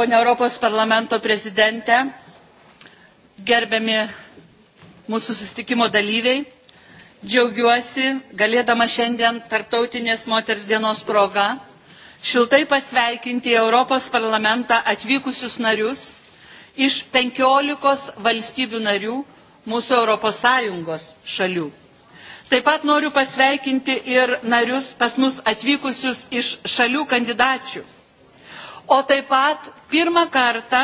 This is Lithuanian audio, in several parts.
ponia Europos parlamento prezidente, gerbiami mūsų sustikimo dalyviai, džiaugiuosi galėdama šiandien tartautinės moters dienos proga šiltai pasveikinti Europos parlamentą atvykusius narius iš 15 valstybių narių mūsų ES šalių. Taip pat noriu pasveikinti ir narius pas mus atvykusius iš šalių kandidačių O taip pat pirmą kartą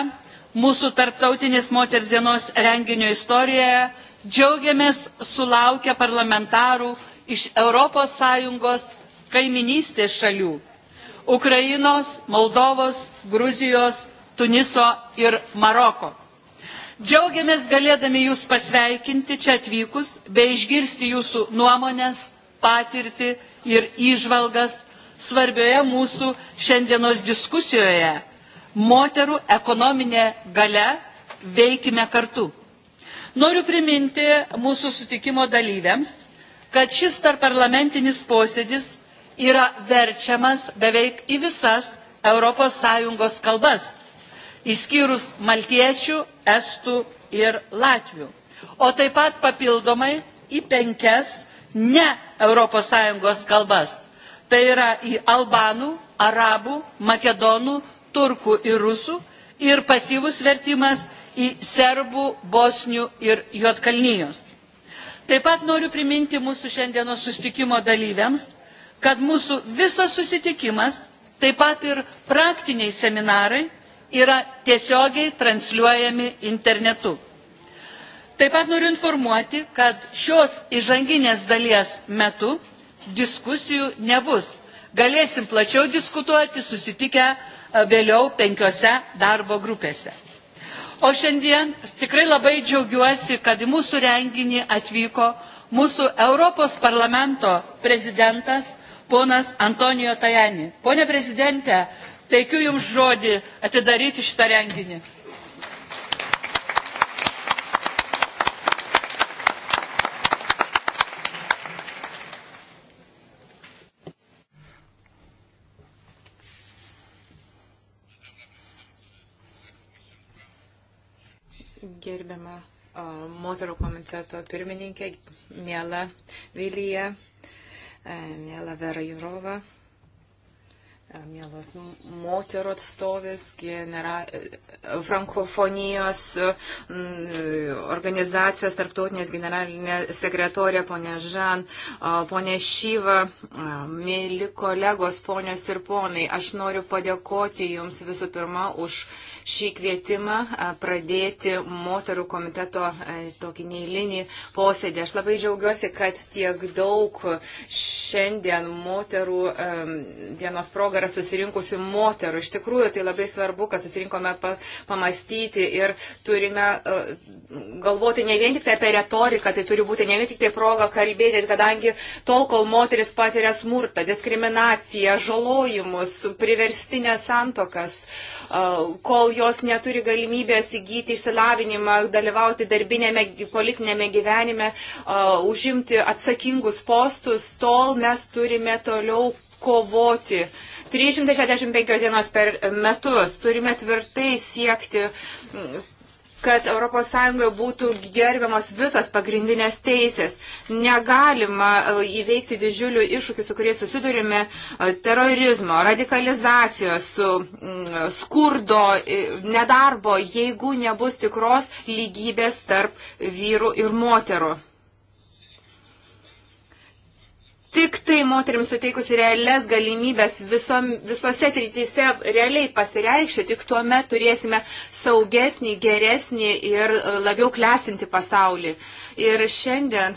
mūsų tarptautinės moters dienos renginio istorijoje džiaugiamės sulaukę parlamentarų iš ES kaiminystės šalių - Ukrainos, Moldovos, Gruzijos, Tuniso ir Maroko. Džiaugiamės galėdami Jūs pasveikinti čia atvykus, bei išgirsti Jūsų nuomonės, patirtį ir įžvalgas svarbioje mūsų šiandienos diskusijoje - moterų ekonominė gale veikime kartu. Noriu priminti mūsų sutikimo dalyviams, kad šis tarparlamentinis posėdis yra verčiamas beveik į visas ES kalbas, išskyrus maltiečių, estų ir latvių, o taip pat papildomai į penkias ne ES kalbas tai yra į albanų, arabų, makedonų, turkų ir rusų ir pasyvus vertimas į serbų, bosnių ir juotkalnyjos. Taip pat noriu priminti mūsų šiandienos sustikimo dalyviams, kad mūsų visas susitikimas, taip pat ir praktiniai seminarai yra tiesiogiai transliuojami internetu. Taip pat noriu informuoti, kad šios įžanginės dalies metu diskusijų nebus. Galėsim plačiau diskutuoti susitikę e, vėliau penkiose darbo grupėse. O šiandien tikrai labai džiaugiuosi, kad į mūsų renginį atvyko mūsų Europos parlamento prezidentas ponas Antonijo Tajani. Pone prezidente, teikiu Jums žodį atidaryti šitą renginį. gerbiama moterų komiteto pirmininkė, mėla Vilija, mėla Vera Jurova. E, mielos moterų atstovės, genera, e, frankofonijos e, mm, organizacijos tarptautinės generalinė sekretorė, ponė Žan, ponė Šyva, mėly kolegos, ponios ir ponai, aš noriu padėkoti Jums visų pirma už šį kvietimą pradėti moterų komiteto tokį neįlinį posėdį. Aš labai džiaugiuosi, kad tiek daug šiandien moterų dienos progar yra susirinkusių moterų. Iš tikrųjų, tai labai svarbu, kad susirinkome pa, pamastyti ir turime uh, galvoti ne vien tik tai apie retoriką, tai turi būti ne vien tik tai proga kalbėti, kadangi tol, kol moteris patiria smurtą, diskriminaciją, žalojimus, priverstinės santokas, uh, kol jos neturi galimybės įgyti išsilavinimą, dalyvauti darbinėme, politinėme gyvenime, uh, užimti atsakingus postus, tol mes turime toliau kovoti uh, 365 dienos per metus. Turime tvirtai siekti kad ES būtų gerbiamos visos pagrindinės teisės. Negalima e, įveikti didžiulių iššūkių, su kuriais susidurime e, - terorizmo, radikalizacijos, mm, skurdo, e, nedarbo, jeigu nebus tikros lygybės tarp vyrų ir moterų tik tai moteriams suteikusi realias galimybės viso, visose srityse realiai pasireikšti, tik tuo metu turėsime saugesnį, geresnį ir e, labiau klesinti pasaulį. Ir šiandien,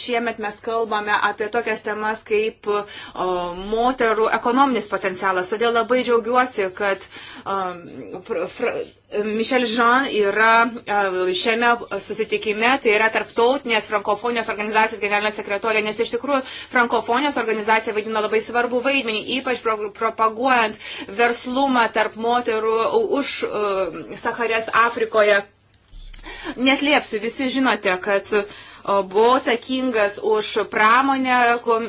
šiemet mes kalbame apie tokias temas kaip o, e, moterų ekonominis potencialas. Todėl labai džiaugiuosi, kad o, fra, Mišel Žan yra e, šiame susitikime, tai yra tarptautinės frankofonijos organizacijos generalinė sekretorija, nes iš tikrųjų frankofonijos organizacija vaidina labai svarbu vaidmenį, ypač pro, propaguojant verslumą tarp moterų už uh, Saharės Afrikoje. Neslėpsiu, visi žinote, kad uh, buvo atsakingas už pramonę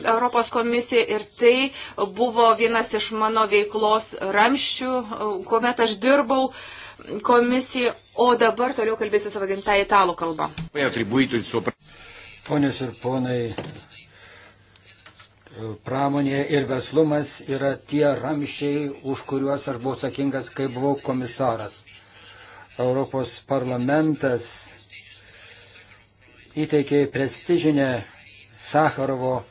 Europos komisija ir tai buvo vienas iš mano veiklos ramščių, kuomet aš dirbau. Uh, komisijai, o dabar toliau kalbėsiu savo gimtąją italų kalbą. Ponios ir ponai, pramonė ir verslumas yra tie ramšiai, už kuriuos aš buvau sakingas, kai buvau komisaras. Europos parlamentas įteikė prestižinę Sakarovo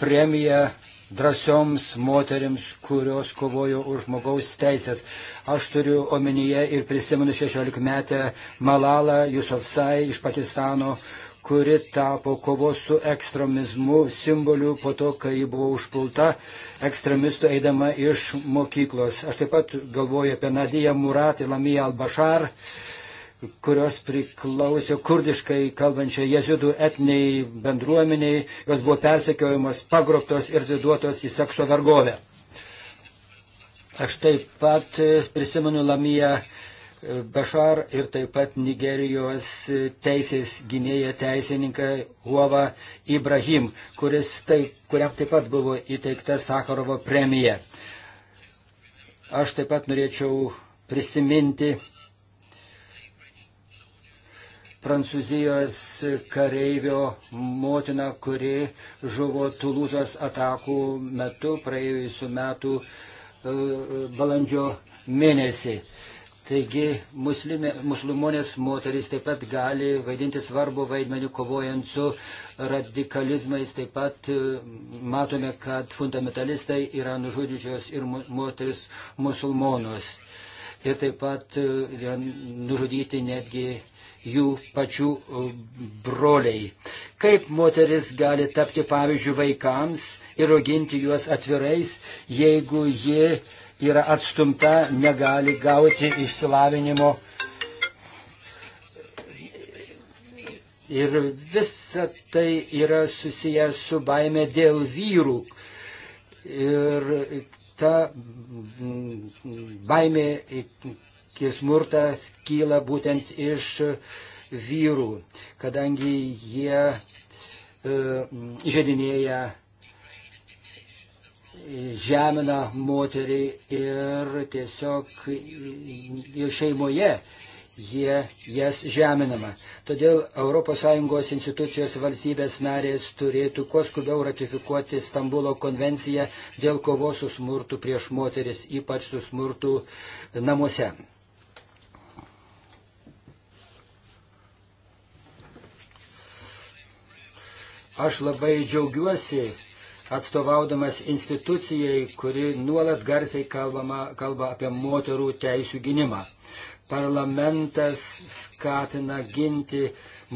premiją drąsioms moteriams, kurios kovojo už žmogaus teisės. Aš turiu omenyje ir prisimenu 16 metę Malalą Jusufzai iš Pakistano, kuri tapo kovos su ekstremizmu simboliu po to, kai ji buvo užpulta ekstremistų eidama iš mokyklos. Aš taip pat galvoju apie Nadiją Murat ir Lamiją Albašar. bašar kurios priklausė kurdiškai kalbančiai jezidų etniai bendruomeniai, jos buvo persekiojamos, pagrobtos ir duotos į sekso vergovę. Aš taip pat e, prisimenu Lamiją e, Bešar ir taip pat Nigerijos e, teisės gynėja teisininką Huova Ibrahim, taip, kuriam taip pat buvo įteikta Sakarovo premija. Aš taip pat norėčiau prisiminti Prancūzijos kareivio motina, kuri žuvo Tulūzos atakų metu praėjusiu metu e, balandžio mėnesį. Taigi muslimė, musulmonės moteris taip pat gali vaidinti svarbu vaidmenį kovojant su radikalizmais. Taip pat e, matome, kad fundamentalistai yra nužudžiusios ir moteris musulmonos. Ir taip pat e, yra nužudyti netgi jų pačių e, broliai. Kaip moteris gali tapti pavyzdžių vaikams ir auginti juos atvirais, jeigu ji yra atstumta, negali gauti išsilavinimo. Ir visa tai yra susiję su baime dėl vyrų. Ir ta baimė smurtas kyla būtent iš vyrų, kadangi jie e, žedinėja žemina moterį ir tiesiog ir šeimoje jie jas žeminama. Todėl ES institucijos valstybės narės turėtų kuo skubiau ratifikuoti Stambulo konvenciją dėl kovos su smurtu prieš moteris, ypač su smurtu namuose. Aš labai džiaugiuosi atstovaudamas institucijai, kuri nuolat garsiai kalbama, kalba apie moterų teisų gynimą. Parlamentas skatina ginti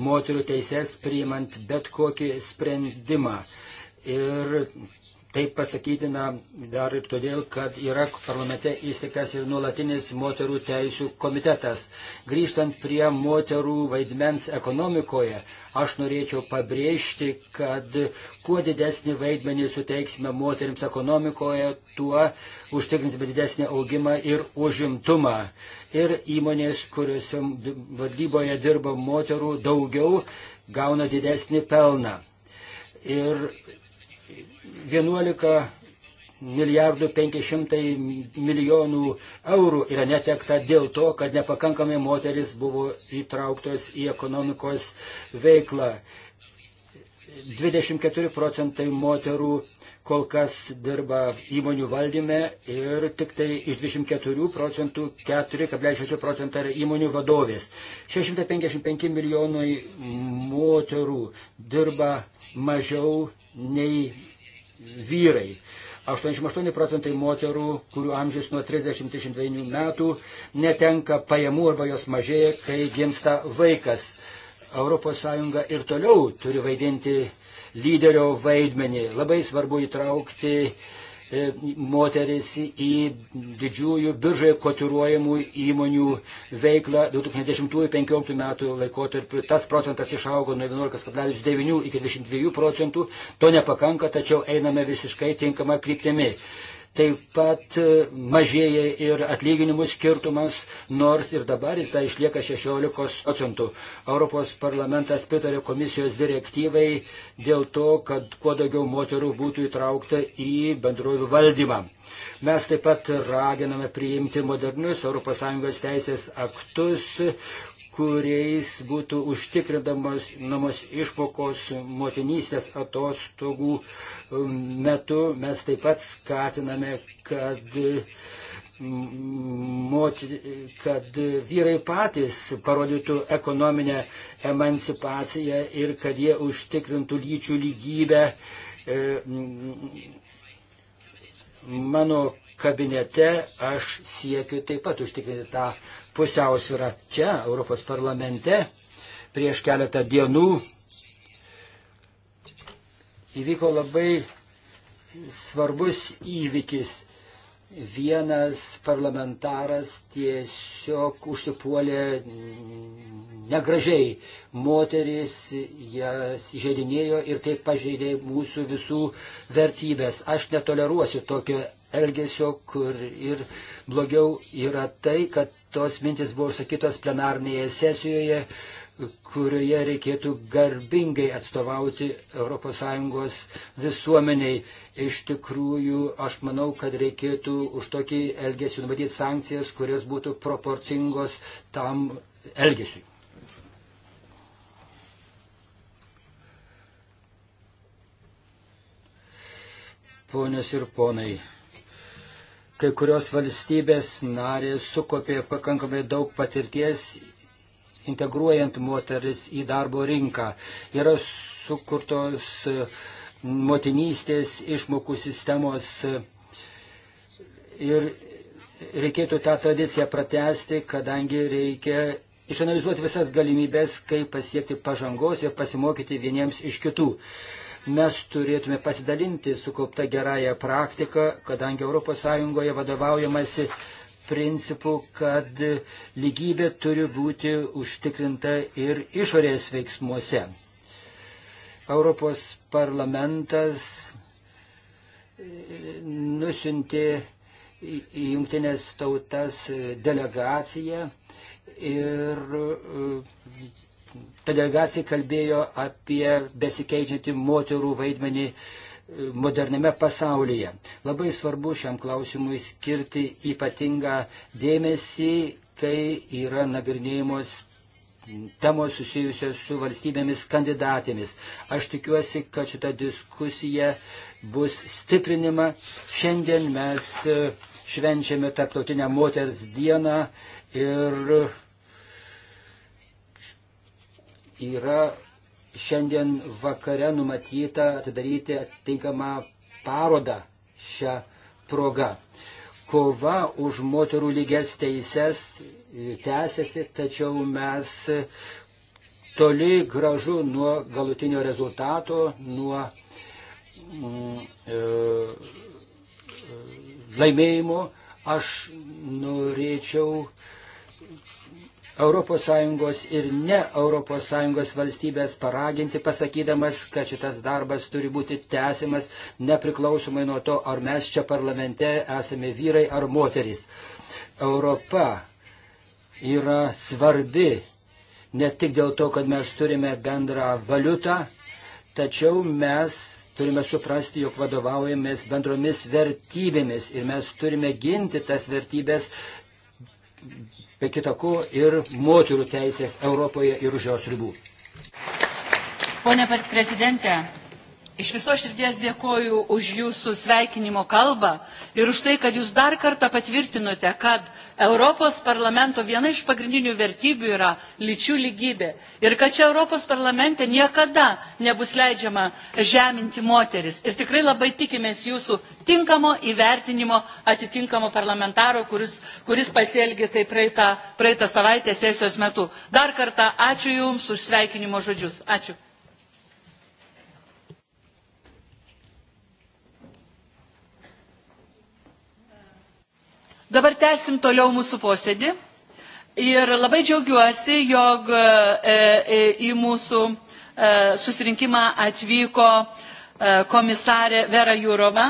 moterų teises priimant bet kokį sprendimą. Ir Tai pasakytina dar ir todėl, kad yra parlamente įsteigtas ir nuolatinis moterų teisų komitetas. Grįžtant prie moterų vaidmens ekonomikoje, aš norėčiau pabrėžti, kad kuo didesnį vaidmenį suteiksime moteriams ekonomikoje, tuo užtikrinsime didesnį augimą ir užimtumą. Ir įmonės, kuriuose vadyboje dirba moterų, daugiau gauna didesnį pelną. Ir 11 milijardų 500 milijonų eurų yra netekta dėl to, kad nepakankamai moteris buvo įtrauktos į ekonomikos veiklą. 24 procentai moterų kol kas dirba įmonių valdyme ir tik tai iš 24 procentų 4,6 procentai yra įmonių vadovės. 655 milijonai moterų dirba mažiau nei vyrai. 88 procentai moterų, kurių amžius nuo 30-102 metų, netenka pajamų arba jos mažėja, kai gimsta vaikas. ES ir toliau turi vaidinti lyderio vaidmenį. Labai svarbu įtraukti uh, E, moteris į didžiųjų biržai kotiruojamų įmonių veiklą 2010-2015 metų laikotarpiu. Tas procentas išaugo nuo 11,9 iki 22 procentų. To nepakanka, tačiau einame visiškai tinkama kryptimi. Taip pat e, mažėja ir atlyginimų skirtumas, nors ir dabar jis tai išlieka 16 procentų. Europos parlamentas pritarė komisijos direktyvai dėl to, kad kuo daugiau moterų būtų įtraukta į bendrovių valdymą. Mes taip pat raginame priimti modernius ES teisės aktus, kuriais būtų užtikrindamos išmokos motinystės atostogų um, metu. Mes taip pat skatiname, kad, mm, moti, kad vyrai patys parodytų ekonominę emancipaciją ir kad jie užtikrintų lyčių lygybę. E, mm, mano kabinete aš siekiu taip pat užtikrinti tą pusiausvyrą čia, Europos parlamente. Prieš keletą dienų įvyko labai svarbus įvykis. Vienas parlamentaras tiesiog užsipuolė negražiai moteris, jas žaidinėjo ir taip pažeidė mūsų visų vertybės. Aš netoleruosiu tokio elgesio, kur ir blogiau yra tai, kad tos mintis buvo užsakytos plenarnėje sesijoje, kurioje reikėtų garbingai atstovauti ES visuomeniai. Iš tikrųjų, aš manau, kad reikėtų už tokį elgesį numatyti sankcijas, kurios būtų proporcingos tam elgesiui. Ponios ir ponai kai kurios valstybės narės sukopė pakankamai daug patirties integruojant moteris į darbo rinką. Yra sukurtos motinystės išmokų sistemos ir reikėtų tą tradiciją pratesti, kadangi reikia išanalizuoti visas galimybės, kaip pasiekti pažangos ir pasimokyti vieniems iš kitų mes turėtume pasidalinti sukaupta gerąją praktiką, kadangi ES vadovaujamasi principu, kad lygybė turi būti užtikrinta ir išorės veiksmuose. Europos parlamentas e, nusintė į jungtinės tautas delegaciją ir e, ta delegacija kalbėjo apie besikeičiantį moterų vaidmenį e, moderniame pasaulyje. Labai svarbu šiam klausimui skirti ypatingą dėmesį, kai yra nagrinėjimos temos susijusios su valstybėmis kandidatėmis. Aš tikiuosi, kad šita diskusija bus stiprinima. Šiandien mes e, švenčiame Tarptautinę moters dieną ir yra šiandien vakare numatyta atidaryti atitinkamą parodą šią progą. Kova už moterų lygias teises tęsiasi, tačiau mes toli gražu nuo galutinio rezultato, nuo mm, e, laimėjimo. Aš norėčiau ES ir ne ES valstybės paraginti, pasakydamas, kad šitas darbas turi būti tęsiamas nepriklausomai nuo to, ar mes čia parlamente esame vyrai ar moterys. Europa yra svarbi ne tik dėl to, kad mes turime bendrą valiutą, tačiau mes turime suprasti, jog vadovaujamės bendromis vertybėmis ir mes turime ginti tas vertybės be kitako ir moterų teisės Europoje ir už jos ribų. Pone prezidente, Iš viso širdies dėkoju už jūsų sveikinimo kalbą ir už tai, kad jūs dar kartą patvirtinote, kad Europos parlamento viena iš pagrindinių vertybių yra lyčių lygybė ir kad čia Europos parlamente niekada nebus leidžiama žeminti moteris. Ir tikrai labai tikimės jūsų tinkamo įvertinimo atitinkamo parlamentaro, kuris, kuris pasielgė tai praeitą, praeitą savaitę sesijos metu. Dar kartą ačiū Jums už sveikinimo žodžius. Ačiū. Dabar tęsim toliau mūsų posėdį. Ir labai džiaugiuosi, jog e, e, e, į mūsų susirinkimą atvyko komisarė Vera Jūrova,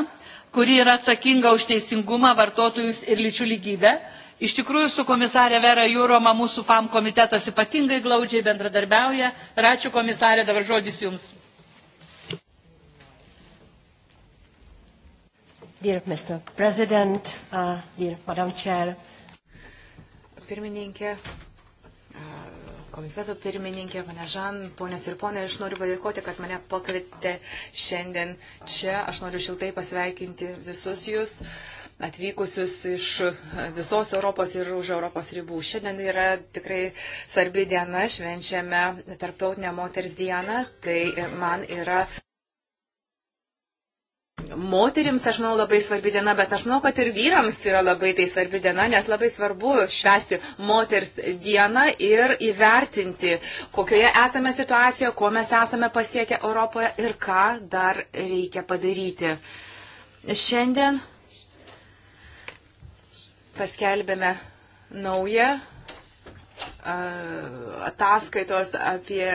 kuri yra atsakinga už teisingumą, vartotojus ir lyčių lygybę. Iš tikrųjų, su komisarė Vera Jūroma mūsų FAM komitetas ypatingai glaudžiai bendradarbiauja. Ir ačiū komisarė, dabar žodis Jums. Dear Mr. President, uh, dear Madam Chair. Pirmininkė, uh, komiteto pirmininkė, pane Žan, ponės ir ponė, aš noriu padėkoti, kad mane pakvietė šiandien čia. Aš noriu šiltai pasveikinti visus jūs atvykusius iš visos Europos ir už Europos ribų. Šiandien yra tikrai svarbi diena, švenčiame Tarptautinę moters dieną, tai man yra Moterims, aš manau, labai svarbi diena, bet aš manau, kad ir vyrams yra labai tai svarbi diena, nes labai svarbu švesti moters dieną ir įvertinti, kokioje esame situacijoje, ko mes esame pasiekę Europoje ir ką dar reikia padaryti. Šiandien paskelbėme naują ataskaitos apie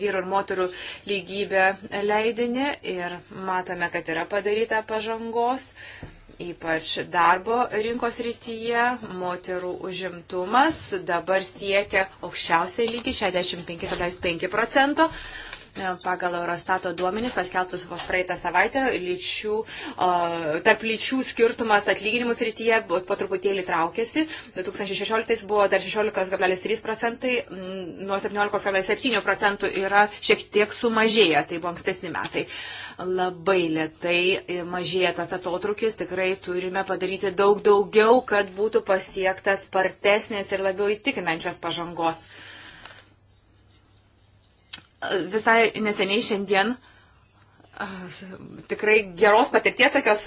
vyru ir moterų lygybę leidinį ir matome, kad yra padaryta pažangos ypač darbo rinkos rytyje, moterų užimtumas dabar siekia aukščiausiai lygį 65,5 procento pagal Eurostato duomenys paskelbtus vos praeitą savaitę, lyčių, tarp lyčių skirtumas atlyginimų srityje po truputėlį traukėsi. 2016 buvo dar 16,3 procentai, mm, nuo 17,7 procentų yra šiek tiek sumažėję, tai buvo ankstesni metai. Labai lietai mažėja tas atotrukis, tikrai turime padaryti daug daugiau, kad būtų pasiektas spartesnės ir labiau įtikinančios pažangos visai neseniai šiandien tikrai geros patirties tokios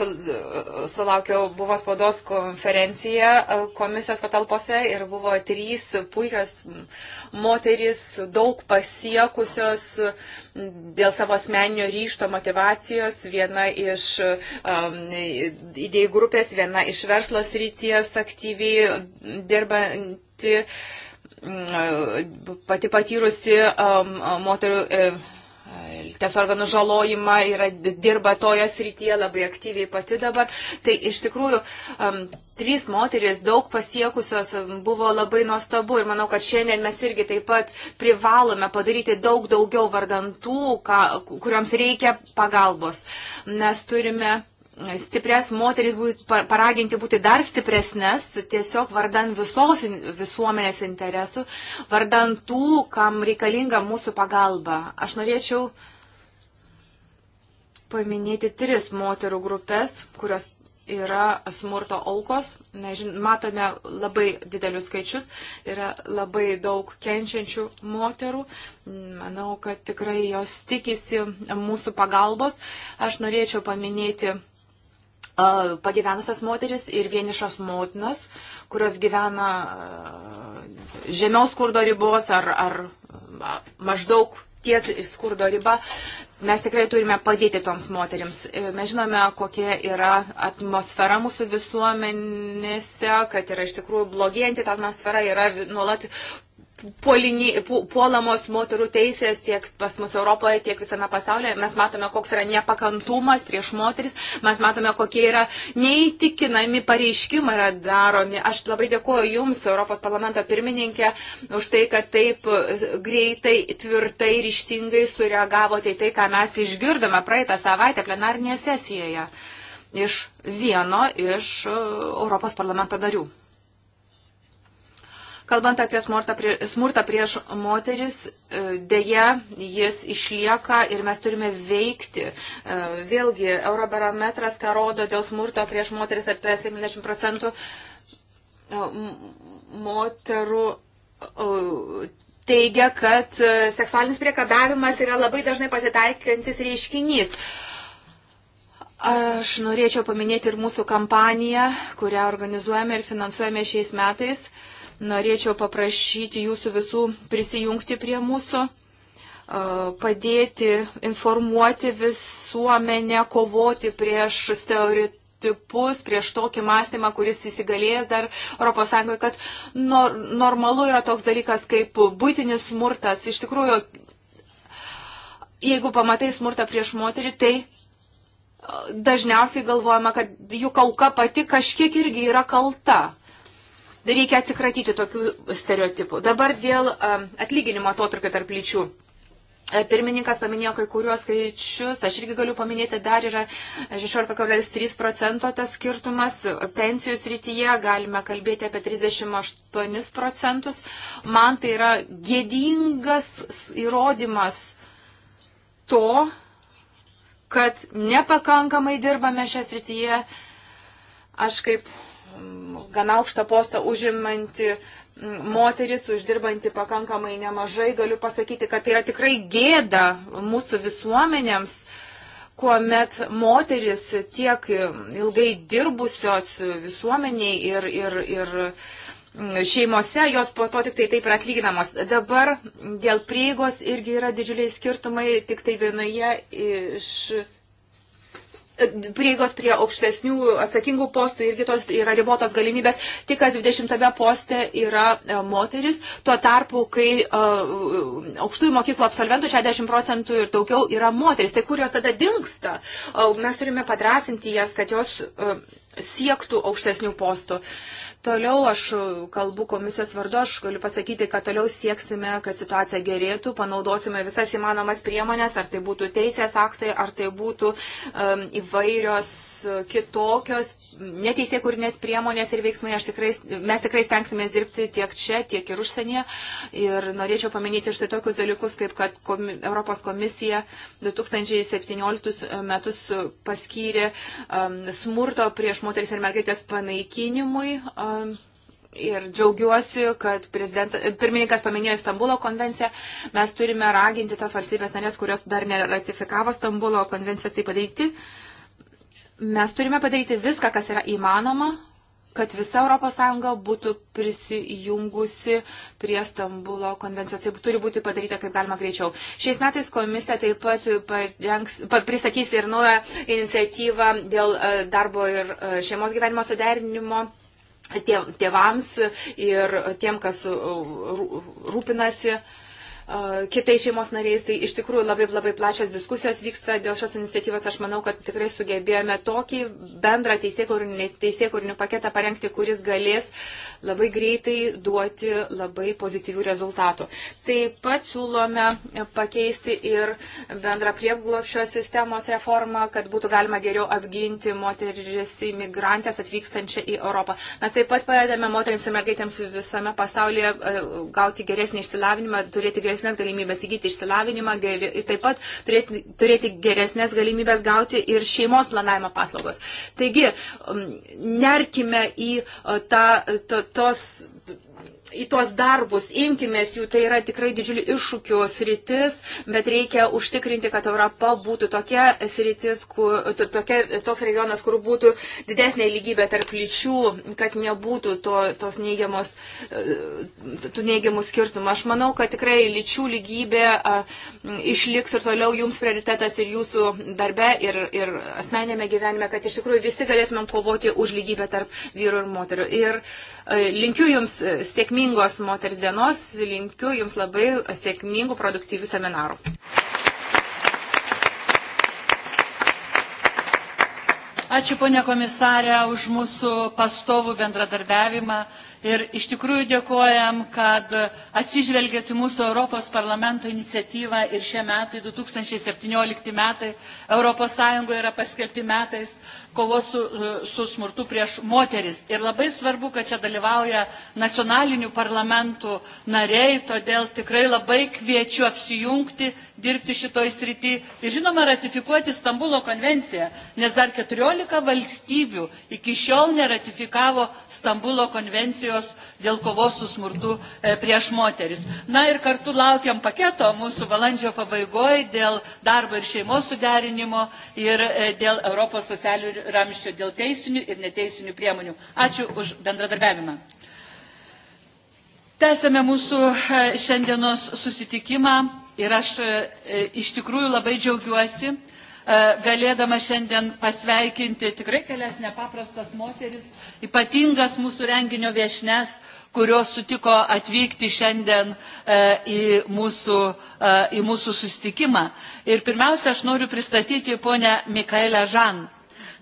sulaukiau, buvo spaudos konferencija komisijos patalpose ir buvo trys puikios moteris, daug pasiekusios dėl savo asmeninio ryšto motivacijos, viena iš um, idėjų grupės, viena iš verslo srities aktyviai dirbanti. Mm, e, pati patyrusi um, moterų ties e, organų žalojimą ir dirba toje srityje labai aktyviai pati dabar. Tai iš tikrųjų um, trys moteris daug pasiekusios um, buvo labai nuostabu ir manau, kad šiandien mes irgi taip pat privalome padaryti daug daugiau vardantų, ką, kuriuoms reikia pagalbos. Mes turime stiprias moteris būti, paraginti būti dar stipresnės, tiesiog vardan visos visuomenės interesų, vardan tų, kam reikalinga mūsų pagalba. Aš norėčiau paminėti tris moterų grupės, kurios yra smurto aukos. Mes žin, matome labai didelius skaičius, yra labai daug kenčiančių moterų. Manau, kad tikrai jos tikisi mūsų pagalbos. Aš norėčiau paminėti pagyvenusias moteris ir vienišos motinas, kurios gyvena žemiaus skurdo ribos ar, ar maždaug ties skurdo riba, mes tikrai turime padėti toms moteriams. E, mes žinome, kokia yra atmosfera mūsų visuomenėse, kad yra iš tikrųjų blogėjanti ta atmosfera, yra nuolat puolini, pu, puolamos moterų teisės tiek pas mus Europoje, tiek visame pasaulyje. Mes matome, koks yra nepakantumas prieš moteris, mes matome, kokie yra neįtikinami pareiškimai yra daromi. Aš labai dėkuoju Jums, Europos parlamento pirmininkė, už tai, kad taip greitai, tvirtai, ryštingai sureagavote į tai, ką mes išgirdome praeitą savaitę plenarnėje sesijoje iš vieno iš Europos parlamento narių. Kalbant apie smurtą, prie, smurtą prieš moteris, e, dėja jis išlieka ir mes turime veikti. E, vėlgi, Eurobarometras, ką rodo dėl smurto prieš moteris apie 70 procentų e, moterų teigia, kad seksualinis priekabiavimas yra labai dažnai pasitaikantis reiškinys. Aš norėčiau paminėti ir mūsų kampaniją, kurią organizuojame ir finansuojame šiais metais. Uh, Norėčiau paprašyti jūsų visų prisijungti prie mūsų, padėti informuoti visuomenę, kovoti prieš stereotipus tipus, prieš tokį mąstymą, kuris įsigalėjęs dar ES, kad no, normalu yra toks dalykas kaip būtinis smurtas. Iš tikrųjų, jeigu pamatai smurtą prieš moterį, tai dažniausiai galvojama, kad jų auka pati kažkiek irgi yra kalta. Reikia atsikratyti tokių stereotipų. Dabar dėl um, atlyginimo atotrukio tarp lyčių. E, pirmininkas paminėjo kai kuriuos skaičius, aš irgi galiu paminėti, dar yra 16,3 procento tas skirtumas, pensijų srityje galime kalbėti apie 38 procentus. Man tai yra gėdingas įrodymas to, kad nepakankamai dirbame šią srityje. Aš kaip gana aukštą postą užimanti moteris, uždirbanti pakankamai nemažai. Galiu pasakyti, kad tai yra tikrai gėda mūsų visuomenėms kuomet moteris tiek ilgai dirbusios visuomeniai ir, ir, ir šeimose, jos po to tik tai taip ir atlyginamos. Dabar dėl prieigos irgi yra didžiuliai skirtumai, tik tai vienoje iš prieigos prie aukštesnių atsakingų postų irgi tos yra ribotos galimybės, tik kas 20 poste yra e, moteris, tuo tarpu, kai e, aukštųjų mokyklų absolventų 60 procentų ir daugiau yra moteris, tai kur jos tada dinksta? E, mes turime padrasinti jas, kad jos siektų aukštesnių postų. Toliau aš kalbu komisijos vardu, aš galiu pasakyti, kad toliau sieksime, kad situacija gerėtų, panaudosime visas įmanomas priemonės, ar tai būtų teisės aktai, ar tai būtų um, įvairios kitokios neteisėkūrinės priemonės ir veiksmai. Tikrai, mes tikrai stengsime dirbti tiek čia, tiek ir užsienyje. Ir norėčiau paminėti štai tokius dalykus, kaip kad komi, Europos komisija 2017 metus paskyrė um, smurto prieš moteris ir mergaitės panaikinimui. Um, Ir džiaugiuosi, kad pirmininkas paminėjo Stambulo konvenciją. Mes turime raginti tas valstybės narės, kurios dar neratifikavo Stambulo konvenciją, tai padaryti. Mes turime padaryti viską, kas yra įmanoma, kad visa ES būtų prisijungusi prie Stambulo konvencijos. Tai turi būti padaryta kaip galima greičiau. Šiais metais komisija taip pat parengs, pristatys ir naują iniciatyvą dėl e, darbo ir e, šeimos gyvenimo suderinimo tėvams ir tiem, kas uh, rūpinasi kitais šeimos nariais. Tai iš tikrųjų labai labai plačios diskusijos vyksta dėl šios iniciatyvos. Aš manau, kad tikrai sugebėjome tokį bendrą teisėkūrinių paketą parengti, kuris galės labai greitai duoti labai pozityvių rezultatų. Taip pat siūlome pakeisti ir bendrą prieglopšio sistemos reformą, kad būtų galima geriau apginti moteris imigrantės atvykstančią į Europą. Mes taip pat padedame moteriams ir mergaitėms visame pasaulyje gauti geresnį išsilavinimą, turėti geresnį geresnės galimybės įgyti išsilavinimą, geri, taip pat turės, turėti geresnės galimybės gauti ir šeimos planavimo paslaugos. Taigi, um, nerkime į uh, tą, to, tos į tuos darbus, imkimės jų, tai yra tikrai didžiulį iššūkių sritis, bet reikia užtikrinti, kad Europa būtų tokia sritis, kur, tokia, toks regionas, kur būtų didesnė lygybė tarp lyčių, kad nebūtų to, tos neigiamos, e, tų neigiamų skirtumų. Aš manau, kad tikrai lyčių lygybė a, išliks ir toliau jums prioritetas ir jūsų darbe ir, ir asmenėme gyvenime, kad iš tikrųjų visi galėtumėm kovoti už lygybę tarp vyrų ir moterų. Ir a, e, linkiu jums e, sėkmės laimingos moters dienos, linkiu Jums labai sėkmingų, produktyvių seminarų. Ačiū, ponė komisarė, už mūsų pastovų bendradarbiavimą. Ir iš tikrųjų dėkojam, kad atsižvelgėt į mūsų Europos parlamento iniciatyvą ir šie metai, 2017 metai, ES yra paskelbti metais kovos su, su smurtu prieš moteris. Ir labai svarbu, kad čia dalyvauja nacionalinių parlamentų nariai, todėl tikrai labai kviečiu apsijungti, dirbti šitoj srity ir žinoma ratifikuoti Stambulo konvenciją, nes dar 14 valstybių iki šiol neratifikavo Stambulo konvencijos konvencijos dėl kovos su smurtu e, prieš moteris. Na ir kartu laukiam paketo mūsų valandžio pabaigoje dėl darbo ir šeimos suderinimo ir e, dėl Europos socialinių ramščių, dėl teisinių ir neteisinių priemonių. Ačiū už bendradarbiavimą. Tęsėme mūsų e, šiandienos susitikimą ir aš iš tikrųjų labai džiaugiuosi, E, galėdama šiandien pasveikinti tikrai kelias nepaprastas moteris, ypatingas mūsų renginio viešnes, kurios sutiko atvykti šiandien e, į mūsų, e, į mūsų sustikimą. Ir pirmiausia, aš noriu pristatyti ponę Mikaelę Žan,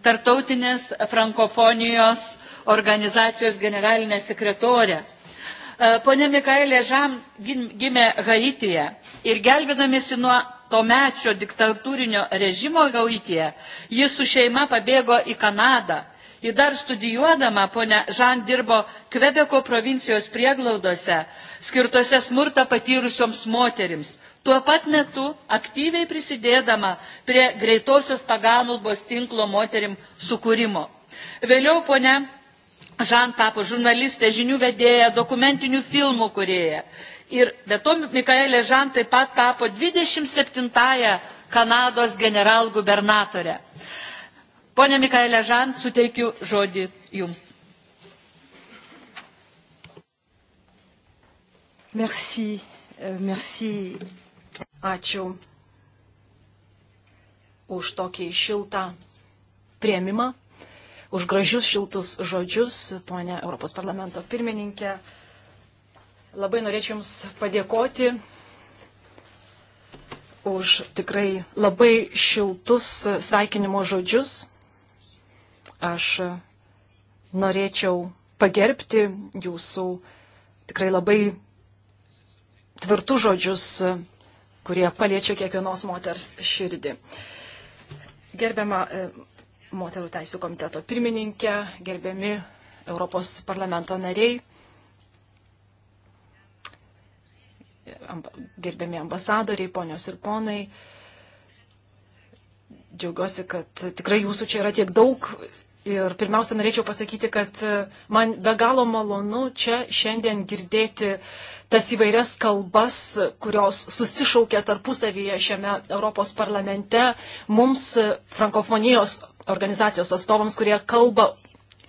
tartautinės frankofonijos organizacijos generalinę sekretorę. Pone Mikaelė Žam gimė Haityje ir gelbėdamėsi nuo to mečio diktatūrinio režimo Gautėje, ji su šeima pabėgo į Kanadą. Ji dar studijuodama ponia Žan dirbo Kvebeko provincijos prieglaudose, skirtose smurtą patyrusioms moterims, tuo pat metu aktyviai prisidėdama prie greitosios pagalbos tinklo moterim sukūrimo. Vėliau ponia Žan tapo žurnalistė, žinių vedėja, dokumentinių filmų kurėja. Ir be to Mikaelė Žan taip pat tapo 27-ąją Kanados generalgubernatorę. Pone Mikaelė Žan, suteikiu žodį Jums. Merci, euh, merci. Ačiū už tokį šiltą prieimimą, už gražius šiltus žodžius, ponė Europos parlamento pirmininkė. Labai norėčiau Jums padėkoti už tikrai labai šiltus sveikinimo žodžius. Aš norėčiau pagerbti Jūsų tikrai labai tvirtus žodžius, kurie paliečia kiekvienos moters širdį. Gerbiama e, moterų teisų komiteto pirmininkė, gerbiami Europos parlamento nariai. gerbiami ambasadoriai, ponios ir ponai. Džiaugiuosi, kad tikrai jūsų čia yra tiek daug. Ir pirmiausia, norėčiau pasakyti, kad e, man be galo malonu čia šiandien girdėti tas įvairias kalbas, kurios susišaukia tarpusavyje šiame Europos parlamente mums, e, frankofonijos organizacijos atstovams, kurie kalba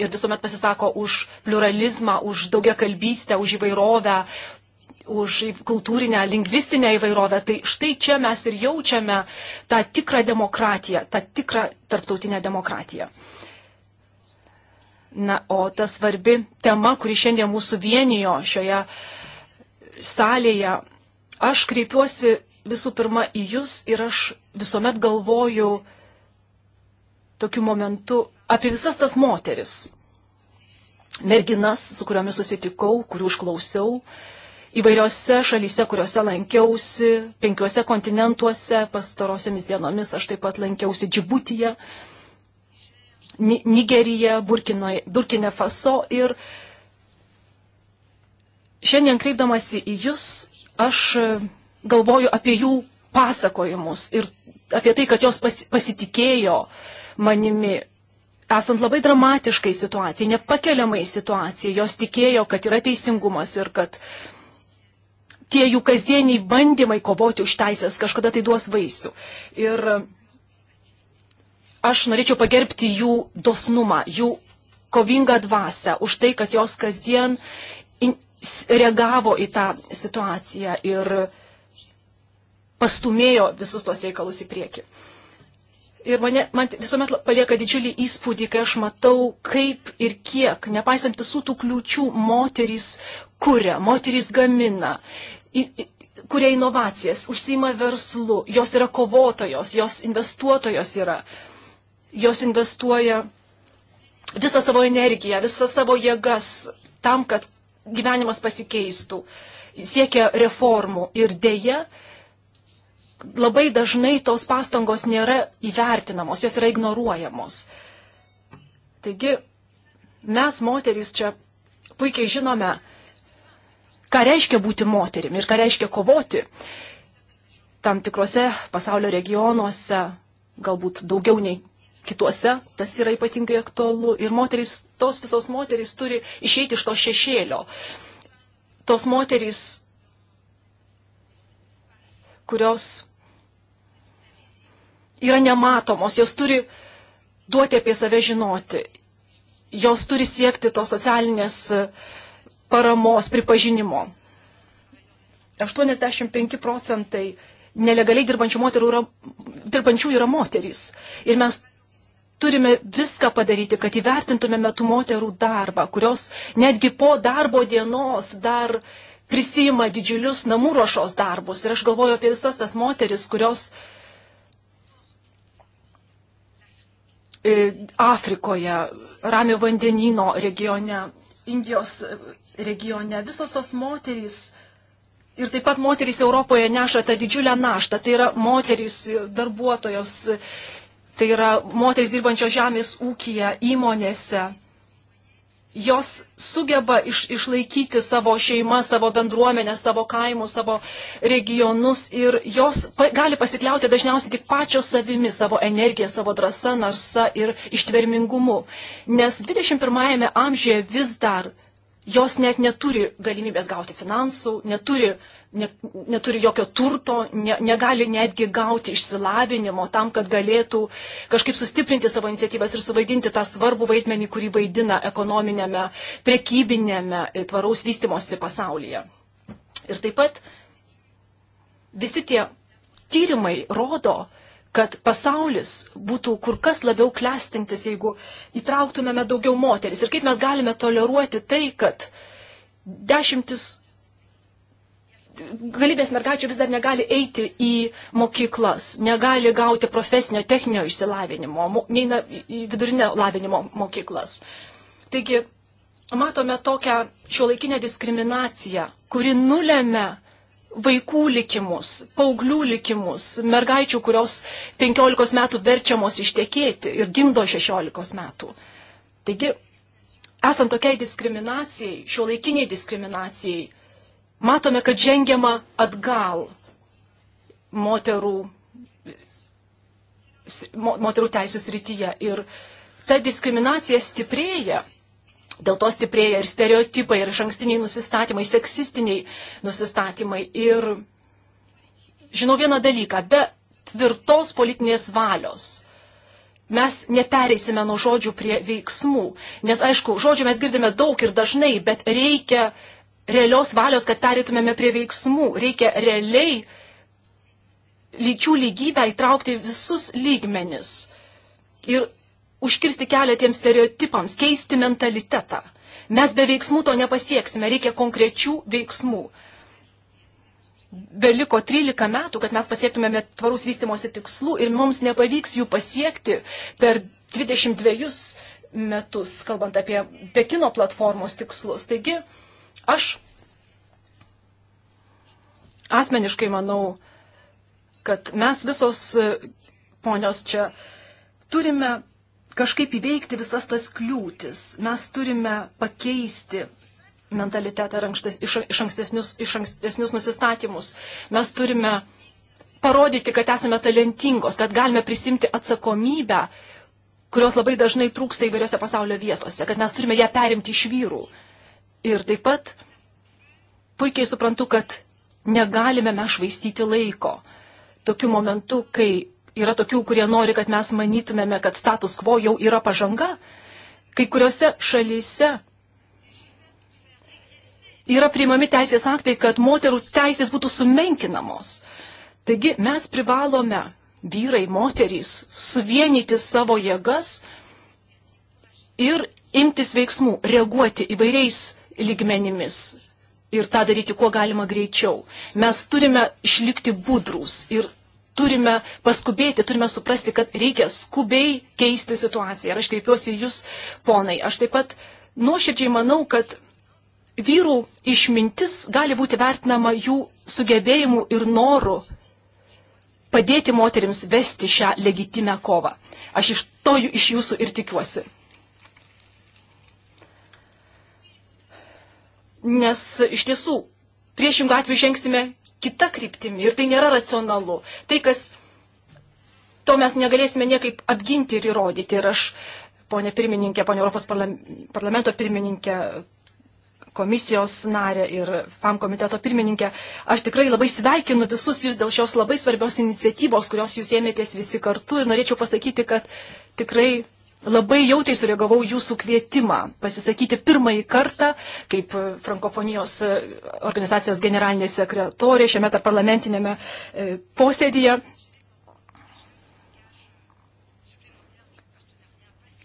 ir visuomet pasisako už pluralizmą, už daugia kalbystę, už įvairovę, už kultūrinę, lingvistinę įvairovę. Tai štai čia mes ir jaučiame tą tikrą demokratiją, tą tikrą tarptautinę demokratiją. Na, o ta svarbi tema, kuri šiandien mūsų vienijo šioje salėje, aš kreipiuosi visų pirma į Jūs ir aš visuomet galvoju tokiu momentu apie visas tas moteris, merginas, su kuriomis susitikau, kurių užklausiau, uh, įvairiose šalyse, kuriuose lankiausi, penkiuose kontinentuose, pastarosiomis dienomis aš taip pat lankiausi Džibutyje, Nigerija, Burkine Faso ir šiandien kreipdamasi į Jūs, aš galvoju apie jų pasakojimus ir apie tai, kad jos pasitikėjo manimi, esant labai dramatiškai situacijai, nepakeliamai situacijai, jos tikėjo, kad yra teisingumas ir kad uh, tie jų kasdieniai bandymai kovoti už teisės kažkada tai duos vaisių. Ir aš norėčiau pagerbti jų dosnumą, jų kovingą dvasę už tai, kad jos kasdien reagavo į tą situaciją ir pastumėjo visus tuos reikalus į priekį. Ir mane, man visuomet palieka didžiulį įspūdį, kai aš matau, kaip ir kiek, nepaisant visų tų kliūčių, moterys kuria, moterys gamina, kuria inovacijas, užsima verslu, jos yra kovotojos, jos investuotojos yra, jos investuoja visą savo energiją, visą savo jėgas tam, kad gyvenimas pasikeistų, siekia reformų ir dėja, labai dažnai tos pastangos nėra įvertinamos, jos yra ignoruojamos. Taigi mes, moterys, čia puikiai žinome, ką reiškia būti moterim ir ką reiškia kovoti. Tam tikrose pasaulio regionuose, galbūt daugiau nei kituose, tas yra ypatingai aktualu ir moterys, tos visos moterys turi išeiti iš to šešėlio. Tos moterys, kurios yra nematomos, jos turi duoti apie save žinoti, jos turi siekti tos socialinės uh, paramos pripažinimo. 85 procentai nelegaliai dirbančių, yra, dirbančių yra moterys. Ir mes turime viską padaryti, kad įvertintumėme tų moterų darbą, kurios netgi po darbo dienos dar prisima didžiulius namų ruošos darbus. Ir aš galvoju apie visas tas moteris, kurios e, Afrikoje, Ramio vandenino regione Indijos regione. Visos tos moterys ir taip pat moterys Europoje neša tą didžiulę naštą. Tai yra moterys darbuotojos, tai yra moterys dirbančios žemės ūkija, įmonėse jos sugeba iš, išlaikyti savo šeimą, savo bendruomenę, savo kaimus, savo regionus ir jos pa, gali pasikliauti dažniausiai tik pačios savimi, savo energija, savo drąsa, narsa ir ištvermingumu. Nes 21-ame amžiuje vis dar jos net neturi galimybės gauti finansų, neturi uh, neturi jokio turto, ne, negali netgi gauti išsilavinimo tam, kad galėtų kažkaip sustiprinti savo iniciatyvas ir suvaidinti tą svarbų vaidmenį, kurį vaidina ekonominėme, prekybinėme e, tvaraus vystimosi pasaulyje. Ir taip pat visi tie tyrimai rodo, kad pasaulis būtų kur kas labiau klestintis, jeigu įtrauktumėme daugiau moteris. Ir kaip mes galime toleruoti tai, kad dešimtis galybės mergaičių vis dar negali eiti į mokyklas, negali gauti profesinio, techninio išsilavinimo, neina į vidurinio lavinimo mokyklas. Taigi, matome tokią šiuolaikinę diskriminaciją, kuri nulėmė vaikų likimus, paauglių likimus, mergaičių, kurios 15 metų verčiamos ištekėti ir gimdo 16 metų. Taigi, esant tokiai diskriminacijai, šiuolaikiniai diskriminacijai, matome, kad žengiama atgal moterų, moterų teisų srityje ir ta diskriminacija stiprėja. Dėl to stiprėja ir stereotipai, ir šankstiniai nusistatymai, seksistiniai nusistatymai. Ir žinau vieną dalyką, be tvirtos politinės valios mes nepereisime nuo žodžių prie veiksmų. Nes aišku, žodžių mes girdime daug ir dažnai, bet reikia realios valios, kad pereitumėme prie veiksmų. Reikia realiai lyčių lygybę įtraukti visus lygmenis ir užkirsti kelią tiems stereotipams, keisti mentalitetą. Mes be veiksmų to nepasieksime, reikia konkrečių veiksmų. Beliko 13 metų, kad mes pasiektumėme tvarus vystimosi tikslų ir mums nepavyks jų pasiekti per 22 metus, kalbant apie Pekino platformos tikslus. Taigi, Aš asmeniškai manau, kad mes visos e, ponios čia turime kažkaip įveikti visas tas kliūtis. Mes turime pakeisti mentalitetą ankstes, iš, iš, ankstesnius, iš ankstesnius nusistatymus. Mes turime parodyti, kad esame talentingos, kad galime prisimti atsakomybę, kurios labai dažnai trūksta įvairiose pasaulio vietose, kad mes turime ją perimti iš vyrų. Ir taip pat puikiai suprantu, kad negalime mes švaistyti laiko. Tokiu momentu, kai yra tokių, kurie nori, kad mes manytumėme, kad status quo jau yra pažanga, kai kuriuose šalyse yra priimami teisės aktai, kad moterų teisės būtų sumenkinamos. Taigi mes privalome, vyrai, moterys, suvienyti savo jėgas ir imtis veiksmų, reaguoti įvairiais lygmenimis ir tą daryti kuo galima greičiau. Mes turime išlikti budrus ir turime paskubėti, turime suprasti, kad reikia skubiai keisti situaciją. Ir aš kreipiuosi jūs, ponai. Aš taip pat nuoširdžiai manau, kad vyrų išmintis gali būti vertinama jų sugebėjimu ir noru padėti moteriams vesti šią legitimę kovą. Aš iš to iš jūsų ir tikiuosi. nes iš tiesų priešingų atveju žengsime kitą kryptimį ir tai nėra racionalu. Tai, kas to mes negalėsime niekaip apginti ir įrodyti. Ir aš, ponė pirmininkė, ponė Europos parlamento pirmininkė, komisijos narė ir FAM komiteto pirmininkė, aš tikrai labai sveikinu visus jūs dėl šios labai svarbios iniciatyvos, kurios jūs ėmėtės visi kartu ir norėčiau pasakyti, kad tikrai labai jautriai sureagavau jūsų kvietimą pasisakyti pirmąjį kartą kaip e, frankofonijos e, organizacijos generalinė sekretorė šiame parlamentinėme e, posėdyje.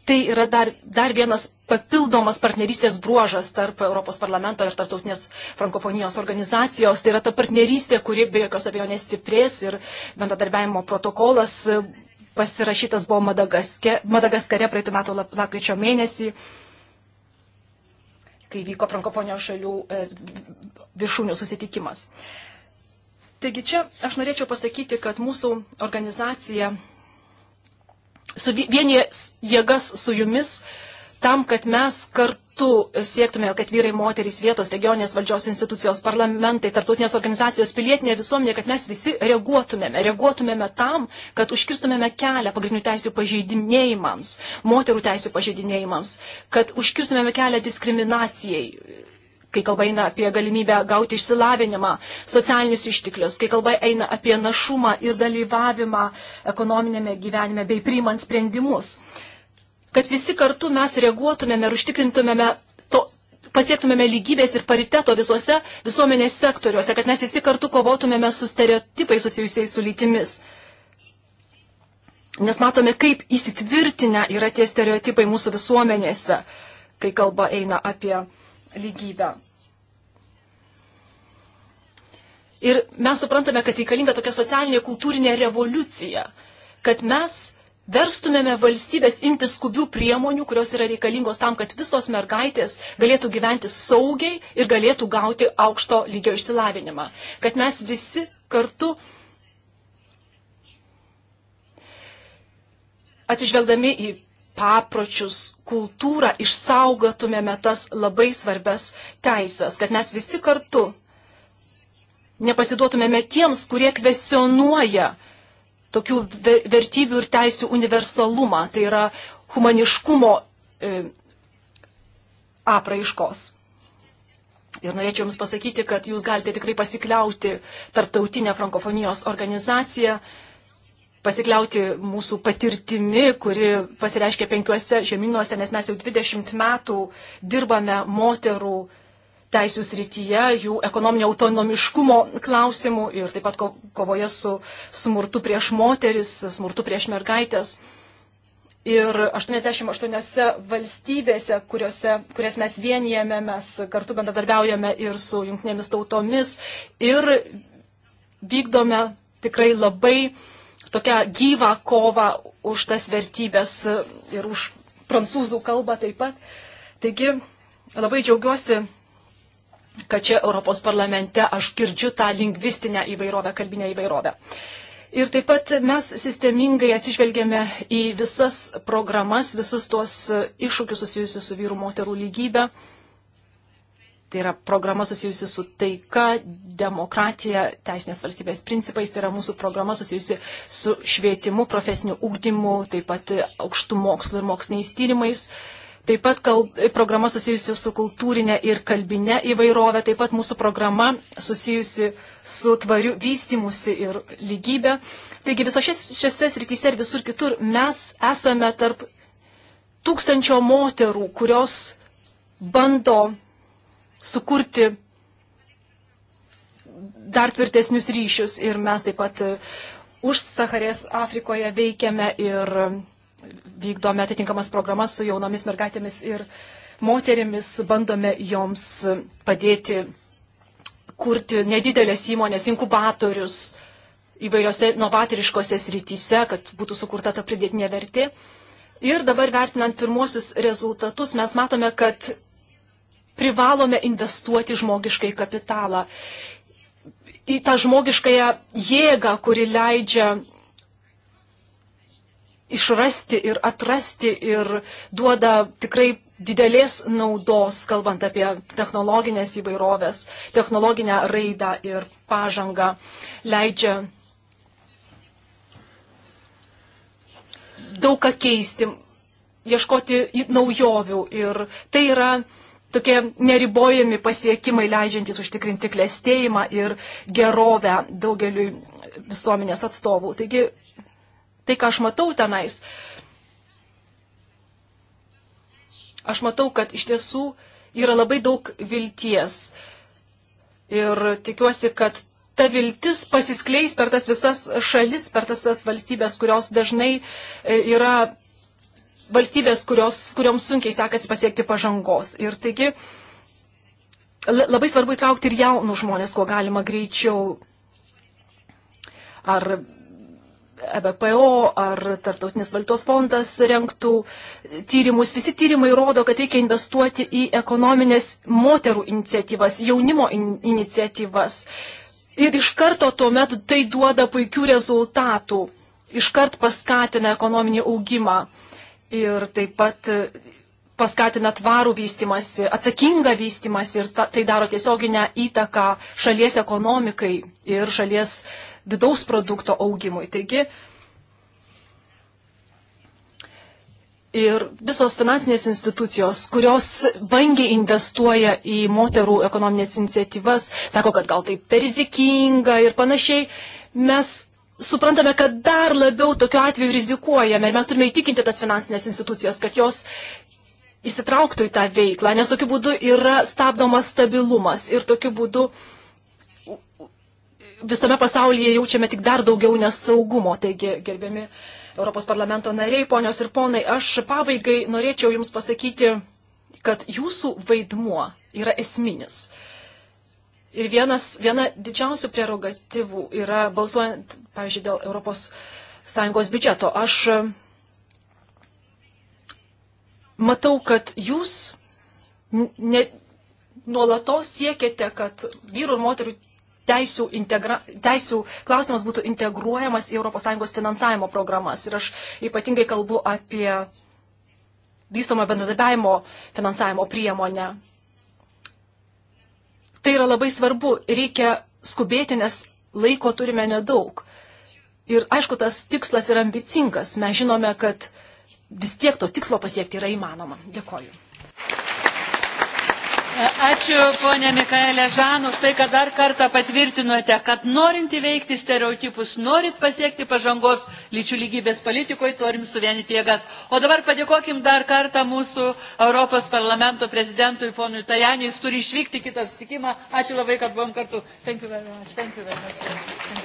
Tai yra dar, dar vienas papildomas partnerystės bruožas tarp Europos parlamento ir tarptautinės frankofonijos organizacijos. Tai yra ta partnerystė, kuri be jokios abejonės stiprės ir bendradarbiavimo protokolas pasirašytas buvo Madagaske, Madagaskare praeitų metų lapkričio mėnesį, kai vyko frankofonijos šalių e, viršūnių susitikimas. Taigi čia aš norėčiau pasakyti, kad mūsų organizacija suvienyje jėgas su jumis tam, kad mes kartu kartu siektume, kad vyrai, moterys, vietos, regioninės valdžios institucijos, parlamentai, tarptautinės organizacijos, pilietinė visuomenė, kad mes visi reaguotumėme, reaguotumėme tam, kad užkirstumėme kelią pagrindinių teisų pažeidinėjimams, moterų teisų pažeidinėjimams, kad užkirstumėme kelią diskriminacijai kai kalba eina apie galimybę gauti išsilavinimą, socialinius ištiklius, kai kalba eina apie našumą ir dalyvavimą ekonominėme gyvenime bei priimant sprendimus. Uh, kad visi kartu mes reaguotumėme ir užtikrintumėme to, pasiektumėme lygybės ir pariteto visuose visuomenės sektoriuose, kad mes visi kartu kovotumėme su stereotipais susijusiais su lytimis. Nes matome, kaip įsitvirtinę yra tie stereotipai mūsų visuomenėse, kai kalba eina apie lygybę. Ir mes suprantame, kad reikalinga tokia socialinė kultūrinė revoliucija, kad mes verstumėme valstybės imti skubių priemonių, kurios yra reikalingos tam, kad visos mergaitės galėtų gyventi saugiai ir galėtų gauti aukšto lygio išsilavinimą. Kad mes visi kartu atsižvelgdami į papročius, kultūrą, išsaugotumėme tas labai svarbes teisės, kad mes visi kartu nepasiduotumėme tiems, kurie kvesionuoja uh, tokių vertybių ir teisių universalumą, tai yra humaniškumo e, apraiškos. Ir norėčiau Jums pasakyti, kad Jūs galite tikrai pasikliauti tarptautinę frankofonijos organizaciją, pasikliauti mūsų patirtimi, kuri pasireiškia penkiuose žemynuose, nes mes jau 20 metų dirbame moterų teisų srityje, jų ekonominio autonomiškumo klausimų ir taip pat kovoje su smurtu prieš moteris, smurtu prieš mergaitės. Ir 88 valstybėse, kuriuose, kurias mes vienijame, mes kartu bendradarbiaujame ir su jungtinėmis tautomis ir vykdome tikrai labai tokią gyvą kovą už tas vertybės ir už prancūzų kalbą taip pat. Taigi labai džiaugiuosi kad čia Europos parlamente aš girdžiu tą lingvistinę įvairovę, kalbinę įvairovę. Ir taip pat mes sistemingai atsižvelgėme į visas programas, visus tuos iššūkius susijusius su vyrų moterų lygybė. Tai yra programa susijusi su taika, demokratija, teisinės valstybės principais, tai yra mūsų programa susijusi su švietimu, profesiniu ugdymu, taip pat aukštų mokslo ir moksliniais tyrimais. Uh, Taip pat kal, programa susijusi su kultūrinė ir kalbinė įvairovė, taip pat mūsų programa susijusi su tvariu vystimusi ir lygybė. Taigi visose šiose srityse ir visur kitur mes esame tarp tūkstančio moterų, kurios bando sukurti dar tvirtesnius ryšius ir mes taip pat e, už Saharės Afrikoje veikiame ir vykdome atitinkamas programas su jaunomis mergaitėmis ir moterimis, bandome joms padėti kurti nedidelės įmonės, inkubatorius įvairiose novatoriškose srityse, kad būtų sukurta ta pridėtinė vertė. Ir dabar vertinant pirmuosius rezultatus, mes matome, kad privalome investuoti žmogiškai kapitalą. Į tą žmogiškąją jėgą, kuri leidžia išrasti ir atrasti ir duoda tikrai didelės naudos, kalbant apie technologinės įvairovės, technologinę raidą ir pažangą, leidžia daug ką keisti, ieškoti naujovių ir tai yra tokie neribojami pasiekimai leidžiantys užtikrinti klėstėjimą ir gerovę daugeliu visuomenės atstovų. Taigi tai, ką aš matau tenais. Aš matau, kad iš tiesų yra labai daug vilties. Ir tikiuosi, kad ta viltis pasiskleis per tas visas šalis, per tas, tas valstybės, kurios dažnai e, yra valstybės, kurios, kurioms sunkiai sekasi pasiekti pažangos. Ir taigi labai svarbu įtraukti ir jaunų žmonės, kuo galima greičiau. Ar EBPO ar Tartautinis valiutos fondas renktų tyrimus. Visi tyrimai rodo, kad reikia investuoti į ekonominės moterų iniciatyvas, jaunimo in iniciatyvas. Ir iš karto tuomet tai duoda puikių rezultatų, iškart paskatina ekonominį augimą. Ir taip pat paskatina tvarų vystimasi, atsakingą vystimasi ir ta, tai daro tiesioginę įtaką šalies ekonomikai ir šalies vidaus produkto augimui. Taigi, Ir visos finansinės institucijos, kurios vangiai investuoja į moterų ekonominės iniciatyvas, sako, kad gal tai perizikinga ir panašiai, mes suprantame, kad dar labiau tokiu atveju rizikuojame ir mes turime įtikinti tas finansinės institucijas, kad jos įsitrauktų į tą veiklą, nes tokiu būdu yra stabdomas stabilumas ir tokiu būdu visame pasaulyje jaučiame tik dar daugiau nesaugumo. Taigi, gerbiami Europos parlamento nariai, ponios ir ponai, aš pabaigai norėčiau Jums pasakyti, kad Jūsų vaidmuo yra esminis. Ir vienas, viena didžiausių prerogatyvų yra balsuojant, pavyzdžiui, dėl Europos Sąjungos biudžeto. Aš matau, kad jūs ne, nuolatos siekiate, kad vyrų ir moterų teisų, integra, teisų klausimas būtų integruojamas į ES finansavimo programas. Ir aš ypatingai kalbu apie vystomą bendradarbiavimo finansavimo priemonę. Tai yra labai svarbu, reikia skubėti, nes laiko turime nedaug. Ir aišku, tas tikslas yra ambicingas. Mes žinome, kad vis tiek to tikslo pasiekti yra įmanoma. Dėkoju. Ačiū, ponė Mikaelė Žan, už tai, kad dar kartą patvirtinote, kad norint įveikti stereotipus, norint pasiekti pažangos lyčių lygybės politikoje, turim suvienyti jėgas. O dabar padėkokim dar kartą mūsų Europos parlamento prezidentui, ponui Tajanį, jis turi išvykti kitą sutikimą. Ačiū labai, kad buvom kartu. Thank you very much. Thank you very much. Thank you.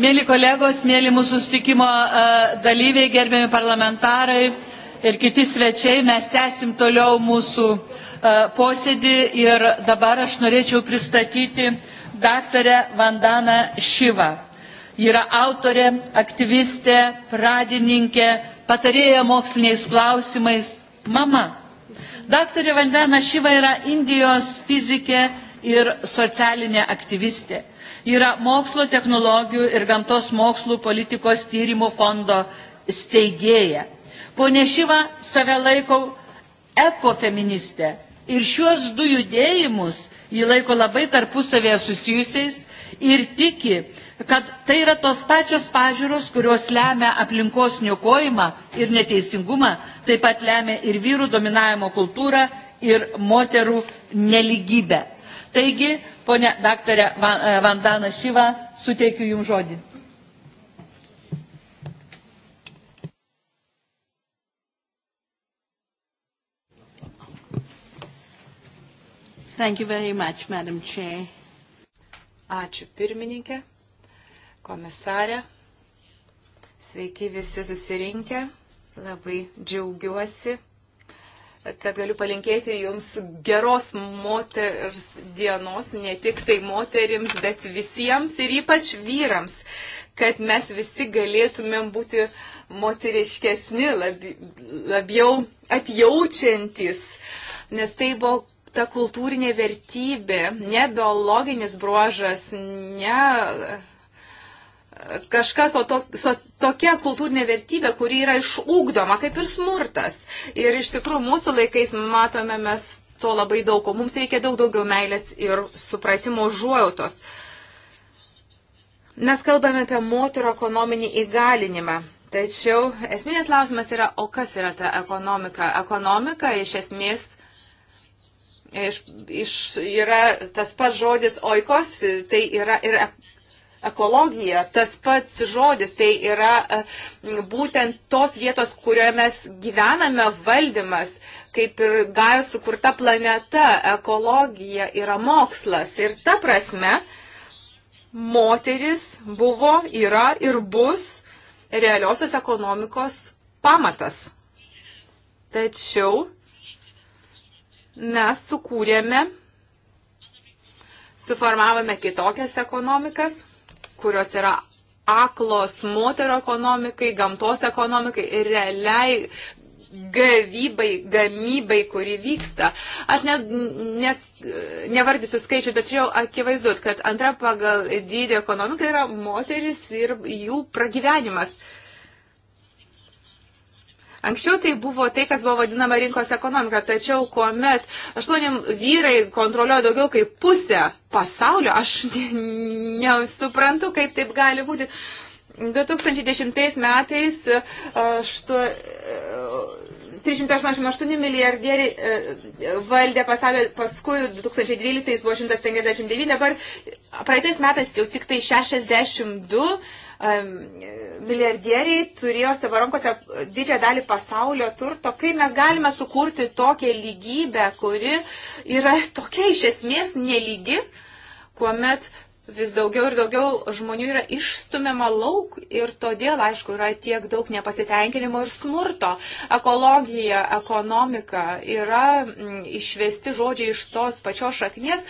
Mėly kolegos, mėly mūsų sustikimo e, dalyviai, gerbiami parlamentarai ir kiti svečiai, mes tęsim toliau mūsų e, posėdį ir dabar aš norėčiau pristatyti daktarę Vandaną Šyvą. Ji yra autorė, aktyvistė, pradininkė, patarėja moksliniais klausimais, mama. Daktarė Vandana Šyva yra Indijos fizikė ir socialinė aktyvistė. Yra mokslo technologijų ir gamtos mokslų politikos tyrimų fondo steigėja. Pone Šyva save laikau ekofeministė ir šiuos du judėjimus jį laiko labai tarpusavėje susijusiais ir tiki, kad tai yra tos pačios pažiūros, kurios lemia aplinkos niokojimą ir neteisingumą, taip pat lemia ir vyrų dominavimo kultūrą ir moterų neligybę. Taigi, ponė daktarė e, Vandana Šyva, suteikiu Jums žodį. Thank you very much, Madam Chair. Ačiū pirmininkė, komisarė. Sveiki visi susirinkę. Labai džiaugiuosi kad galiu palinkėti jums geros moters dienos, ne tik tai moterims, bet visiems ir ypač vyrams, kad mes visi galėtumėm būti moteriškesni, labi, labiau atjaučiantis, nes tai buvo ta kultūrinė vertybė, ne biologinis bruožas, ne kažkas, o, to, o tokia kultūrinė vertybė, kuri yra išūkdoma, kaip ir smurtas. Ir iš tikrųjų mūsų laikais matome mes to labai daug, o mums reikia daug daugiau meilės ir supratimo užuojautos. Mes kalbame apie moterų ekonominį įgalinimą. Tačiau esminis klausimas yra, o kas yra ta ekonomika? Ekonomika iš esmės iš, iš, yra tas pats žodis oikos, tai yra ir ekologija, tas pats žodis, tai yra e, būtent tos vietos, kurioje mes gyvename valdymas, kaip ir gajo sukurta planeta, ekologija yra mokslas. Ir ta prasme, moteris buvo, yra ir bus realiosios ekonomikos pamatas. Tačiau mes sukūrėme, suformavome kitokias ekonomikas, kurios yra aklos moterų ekonomikai, gamtos ekonomikai ir realiai gavybai, gamybai, kuri vyksta. Aš ne, nes, nevardysiu skaičių, bet čia jau akivaizdu, kad antra pagal dydį ekonomika yra moteris ir jų pragyvenimas. Uh, Anksčiau tai buvo tai, kas buvo vadinama rinkos ekonomika, tačiau kuomet aštuoni vyrai kontroliuoja daugiau kaip pusę pasaulio, aš nesuprantu, kaip taip gali būti. 2010 metais e, aštu, 388 e, milijardieriai e, valdė pasaulio, paskui 2012 buvo 159, dabar praeitais metais jau tik tai 62 milijardieriai turėjo savo rankose didžią dalį pasaulio turto. Kaip mes galime sukurti tokią lygybę, kuri yra tokia iš esmės nelygi, kuomet vis daugiau ir daugiau žmonių yra išstumiama lauk ir todėl, aišku, yra tiek daug nepasitenkinimo ir smurto. Ekologija, ekonomika yra mm, išvesti žodžiai iš tos pačios šaknies.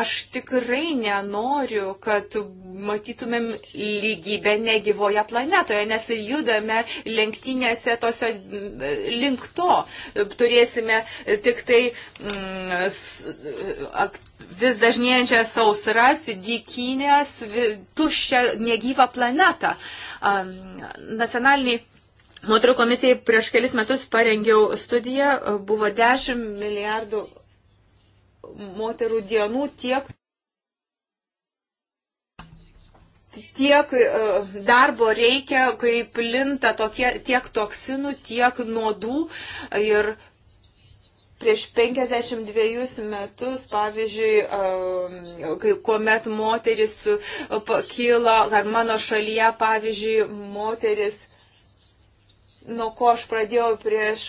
Aš tikrai nenoriu, kad matytumėm lygybę negyvoje planetoje, nes ir judame lenktynėse tose mm, link to. Turėsime tik tai mm, vis dažnėjančias sausras, dykį laukinės, tuščią, negyvą planetą. Nacionaliniai moterų komisijai prieš kelis metus parengiau studiją, buvo 10 milijardų moterų dienų tiek tiek e, darbo reikia, kai plinta tokie, tiek toksinų, tiek nuodų ir prieš 52 metus, pavyzdžiui, um, kai, kuomet moteris uh, pakilo, ar mano šalyje, pavyzdžiui, moteris, nuo ko aš pradėjau prieš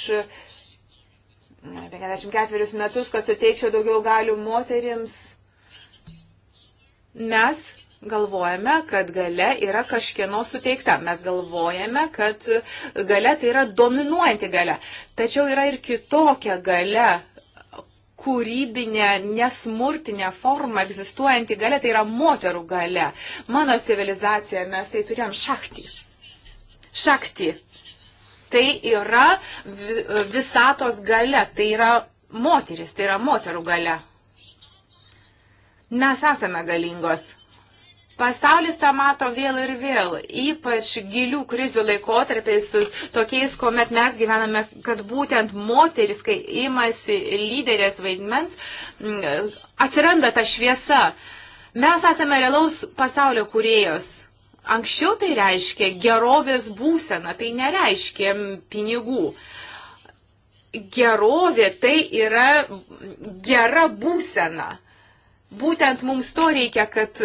54 metus, kad suteikčiau daugiau galių moterims, mes galvojame, kad gale yra kažkieno suteikta. Mes galvojame, kad gale tai yra dominuojanti gale. Tačiau yra ir kitokia gale kūrybinė, nesmurtinė forma egzistuojanti gale, tai yra moterų gale. Mano civilizacija mes tai turėjom šaktį. Šaktį. Tai yra visatos gale, tai yra moteris, tai yra moterų gale. Mes esame galingos Pasaulis tą mato vėl ir vėl, ypač gilių krizių laikotarpiais, tokiais, kuomet mes gyvename, kad būtent moteris, kai imasi lyderės vaidmens, atsiranda ta šviesa. Mes esame realaus pasaulio kūrėjos. Anksčiau tai reiškia gerovės būseną, tai nereiškia pinigų gerovė tai yra gera būsena būtent mums to reikia, kad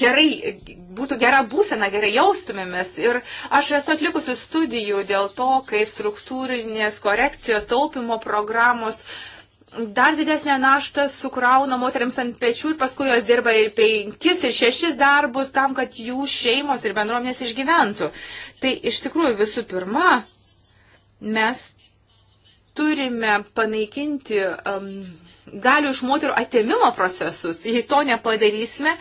gerai, būtų gera būsena, gerai jaustumėmės. Ir aš esu atlikusi studijų dėl to, kaip struktūrinės korekcijos taupimo programos dar didesnę naštą sukrauna moteriams ant pečių ir paskui jos dirba ir penkis, ir šešis darbus tam, kad jų šeimos ir bendruomenės išgyventų. Tai iš tikrųjų visų pirma, mes turime panaikinti um, galių iš moterų atimimo procesus. Jei to nepadarysime,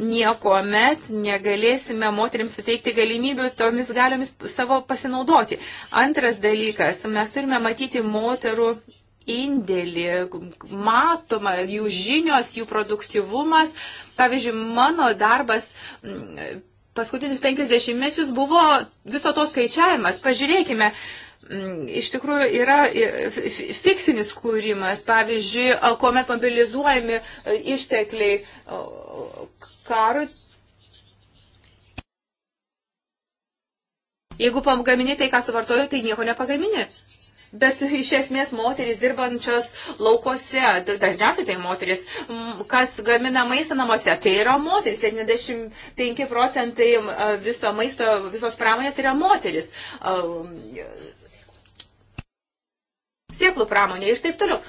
nieko met negalėsime moteriams suteikti galimybių tomis galiomis savo pasinaudoti. Antras dalykas, mes turime matyti moterų indėlį, matoma jų žinios, jų produktivumas. Pavyzdžiui, mano darbas mm, paskutinius 50 mečius buvo viso to skaičiavimas. Pažiūrėkime, Mm, iš tikrųjų yra fiksinis kūrimas, pavyzdžiui, kuomet mobilizuojami e, ištekliai karui. Jeigu pagaminė tai, ką suvartojo, tai nieko nepagaminė. Bet iš esmės moteris dirbančios laukuose, dažniausiai tai moteris, kas gamina maistą namuose, tai yra moteris. 75 procentai viso maisto, visos pramonės tai yra moteris. Sėklų pramonė ir taip toliau.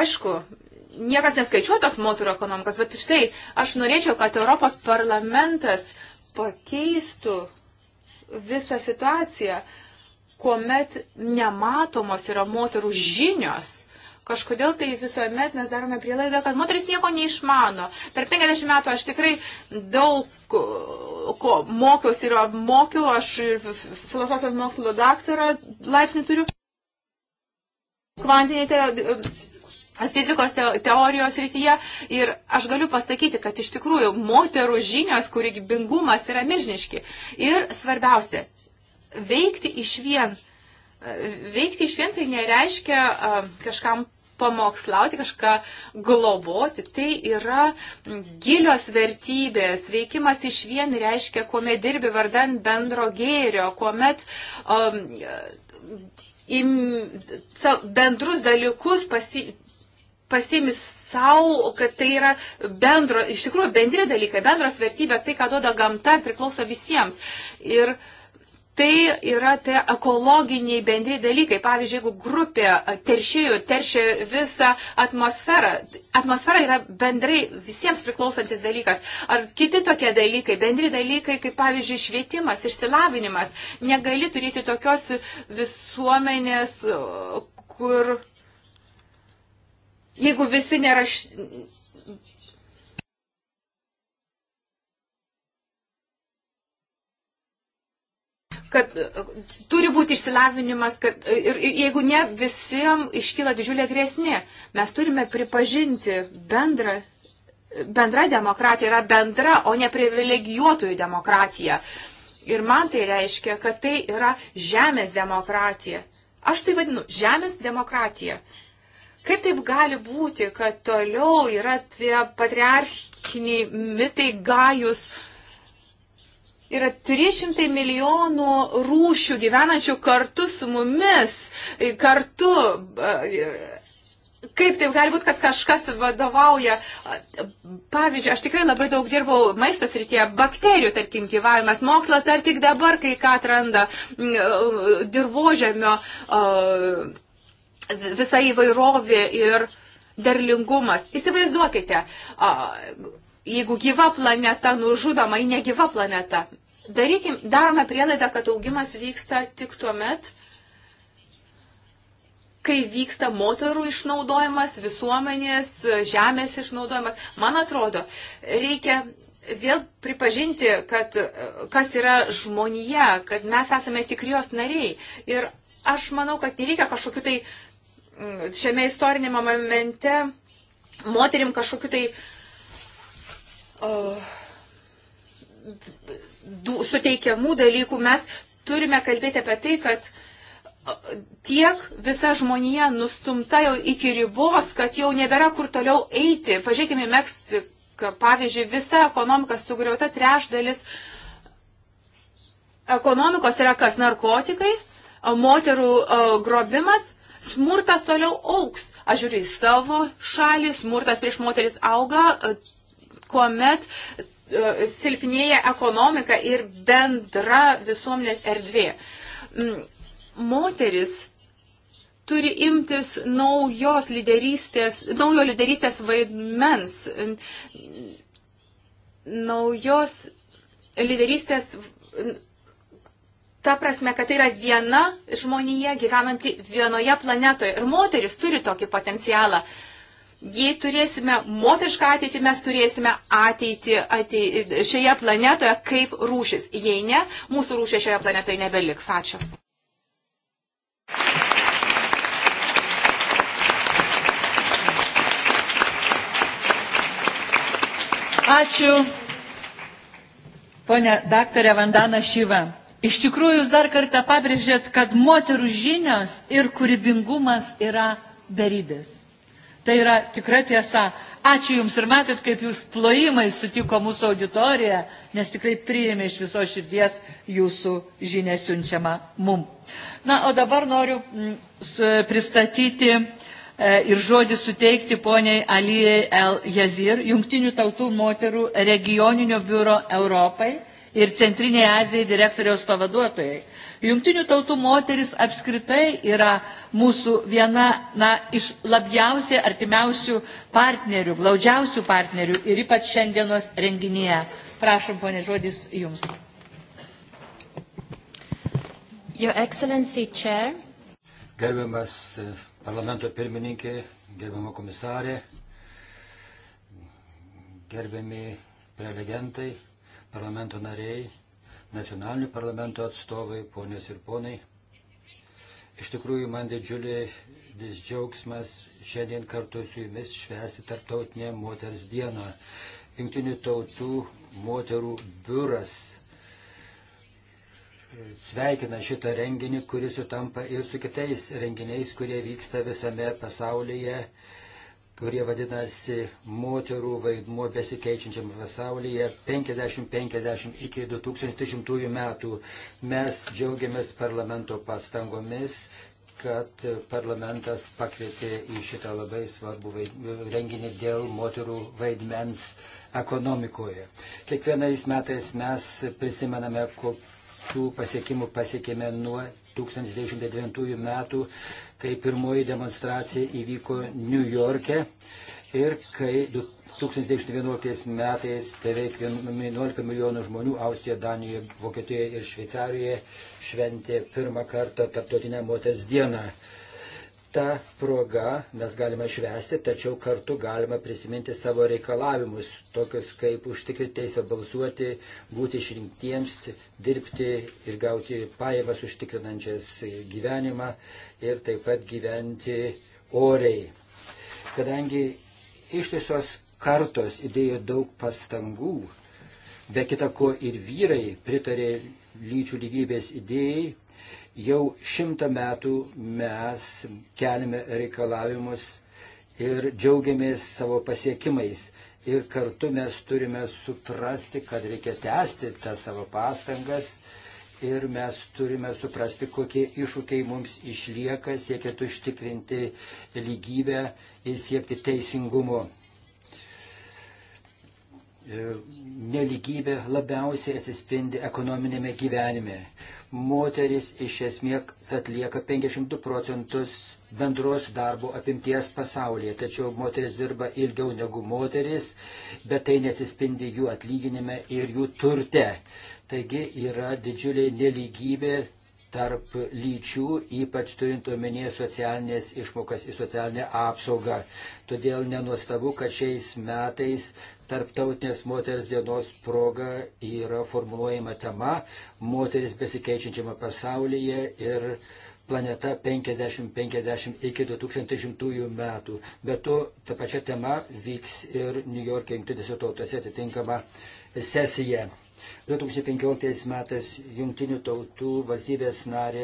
Aišku, niekas neskaičiuotas moterų ekonomikos, bet štai aš norėčiau, kad Europos parlamentas pakeistų visą situaciją. Uh, kuomet nematomos yra moterų žinios. Kažkodėl tai visuomet mes darome prielaidą, kad moteris nieko neišmano. Per 50 metų aš tikrai daug ko mokiausi ir apmokiau, aš filosofijos mokslo daktaro laipsnį turiu. Kvantinė te, fizikos teorijos rytyje ir aš galiu pasakyti, kad iš tikrųjų moterų žinios, kūrybingumas yra milžiniški. Ir svarbiausia, veikti iš vien. Veikti iš vien tai nereiškia kažkam pamokslauti, kažką globoti. Tai yra gilios vertybės. Veikimas iš vien reiškia, kuomet dirbi vardan bendro gėrio, kuomet um, im, bendrus dalykus pasi, pasimis savo, kad tai yra bendro, iš tikrųjų bendri dalykai, bendros vertybės, tai, ką duoda gamta, priklauso visiems. Ir uh, tai yra tie ekologiniai bendri dalykai. Pavyzdžiui, jeigu grupė teršėjų teršia visą atmosferą, atmosfera yra bendrai visiems priklausantis dalykas. Ar kiti tokie dalykai, bendri dalykai, kaip pavyzdžiui, švietimas, išsilavinimas, negali turėti tokios visuomenės, kur jeigu visi nėra, kad turi būti išsilavinimas, kad ir, ir jeigu ne visiems iškyla didžiulė grėsmė, mes turime pripažinti bendrą. Bendra demokratija yra bendra, o ne privilegijuotojų demokratija. Ir man tai reiškia, kad tai yra žemės demokratija. Aš tai vadinu žemės demokratija. Kaip taip gali būti, kad toliau yra tie patriarchiniai mitai gajus, uh, Yra 300 milijonų rūšių gyvenančių kartu su mumis, kartu. E, kaip taip gali būti, kad kažkas vadovauja? Pavyzdžiui, aš tikrai labai daug dirbau maisto srityje, bakterijų, tarkim, gyvavimas, mokslas dar tik dabar kai ką atranda e, dirbožėmio e, visa įvairovė ir derlingumas. Įsivaizduokite, jeigu gyva planeta nužudoma į negyva planeta, darykim, darome prielaidą, kad augimas vyksta tik tuo met, kai vyksta moterų išnaudojimas, visuomenės, žemės išnaudojimas. Man atrodo, reikia vėl pripažinti, kad kas yra žmonija, kad mes esame tikri jos nariai. Ir aš manau, kad nereikia kažkokiu tai mm, šiame istorinėme momente moterim kažkokiu tai uh, suteikiamų dalykų, mes turime kalbėti apie tai, kad tiek visa žmonija nustumta jau iki ribos, kad jau nebėra kur toliau eiti. Pažiūrėkime Meksiką, pavyzdžiui, visa ekonomika sugriauta trešdalis. Ekonomikos yra kas narkotikai, moterų grobimas, smurtas toliau auks. Aš žiūriu į savo šalį, smurtas prieš moteris auga, kuomet E, silpnėja ekonomika ir bendra visuomenės erdvė. Mm, moteris turi imtis naujos lyderystės, naujo lyderystės vaidmens, naujos lyderystės, ta prasme, kad tai yra viena žmonija gyvenanti vienoje planetoje. Ir moteris turi tokį potencialą. Uh, Jei turėsime motišką ateitį, mes turėsime ateitį, ateitį šioje planetoje kaip rūšis. Jei ne, mūsų rūšė šioje planetoje nebeliks. Ačiū. Ačiū, ponė daktarė Vandana Šyva. Iš tikrųjų, jūs dar kartą pabrėžėt, kad moterų žinios ir kūrybingumas yra darybės. Tai yra tikra tiesa. Ačiū Jums ir matot, kaip Jūs plojimai sutiko mūsų auditoriją, nes tikrai priėmė iš viso širdies Jūsų žinę siunčiamą mum. Na, o dabar noriu mm, pristatyti e, ir žodį suteikti poniai Alijai El Jazir, Jungtinių tautų moterų regioninio biuro Europai ir Centrinėje Azijai direktoriaus pavaduotojai Jungtinių tautų moteris apskritai yra mūsų viena na, iš labiausiai artimiausių partnerių, glaudžiausių partnerių ir ypač šiandienos renginyje. Prašom, ponė, žodis jums. Your Excellency Chair. Gerbiamas e, parlamento pirmininkė, gerbiama komisarė, gerbiami prelegentai, parlamento nariai, nacionalinių parlamento atstovai, ponios ir ponai. Iš tikrųjų, man didžiulė vis džiaugsmas šiandien kartu su jumis švęsti Tarptautinę moters dieną. Junktinių tautų moterų biuras sveikina šitą renginį, kuris sutampa ir su kitais renginiais, kurie vyksta visame pasaulyje kurie vadinasi moterų vaidmuo besikeičiančiam pasaulyje 50-50 iki 2030 metų. Mes džiaugiamės parlamento pastangomis kad parlamentas pakvietė į šitą labai svarbų renginį dėl moterų vaidmens ekonomikoje. Kiekvienais metais mes prisimename, kokie tų pasiekimų pasiekėme nuo 1909 metų, kai pirmoji demonstracija įvyko New York'e ir kai 1911 metais beveik 11 milijonų žmonių Austrijoje, Danijoje, Vokietijoje ir Šveicarijoje šventė pirmą kartą Tarptautinę moters dieną tą progą mes galime švesti, tačiau kartu galime prisiminti savo reikalavimus, tokius kaip užtikrinti teisę balsuoti, būti išrinktiems, dirbti ir gauti pajamas užtikrinančias gyvenimą ir taip pat gyventi oriai. Kadangi ištisos kartos įdėjo daug pastangų, be kita ko ir vyrai pritarė lyčių lygybės idėjai, Jau šimtą metų mes keliame reikalavimus ir džiaugiamės savo pasiekimais. Ir kartu mes turime suprasti, kad reikia tęsti tą savo pastangas ir mes turime suprasti, kokie iššūkiai mums išlieka, siekiant užtikrinti lygybę ir siekti teisingumo. E, neligybė labiausiai atsispindi ekonominėme gyvenime. Moteris iš esmės atlieka 52 procentus bendros darbo apimties pasaulyje, tačiau moteris dirba ilgiau negu moteris, bet tai nesispindi jų atlyginime ir jų turte. Taigi yra didžiulė neligybė tarp lyčių, ypač turint omenyje socialinės išmokas į socialinę apsaugą. Todėl nenuostabu, kad šiais metais Tarptautinės moters dienos proga yra formuluojama tema moteris besikeičiančiame pasaulyje ir planeta 50-50 iki 2100 metų. Bet to ta pačia tema vyks ir New York'e jungtinėse tautose atitinkama sesija. 2015 metais jungtinių tautų valstybės narė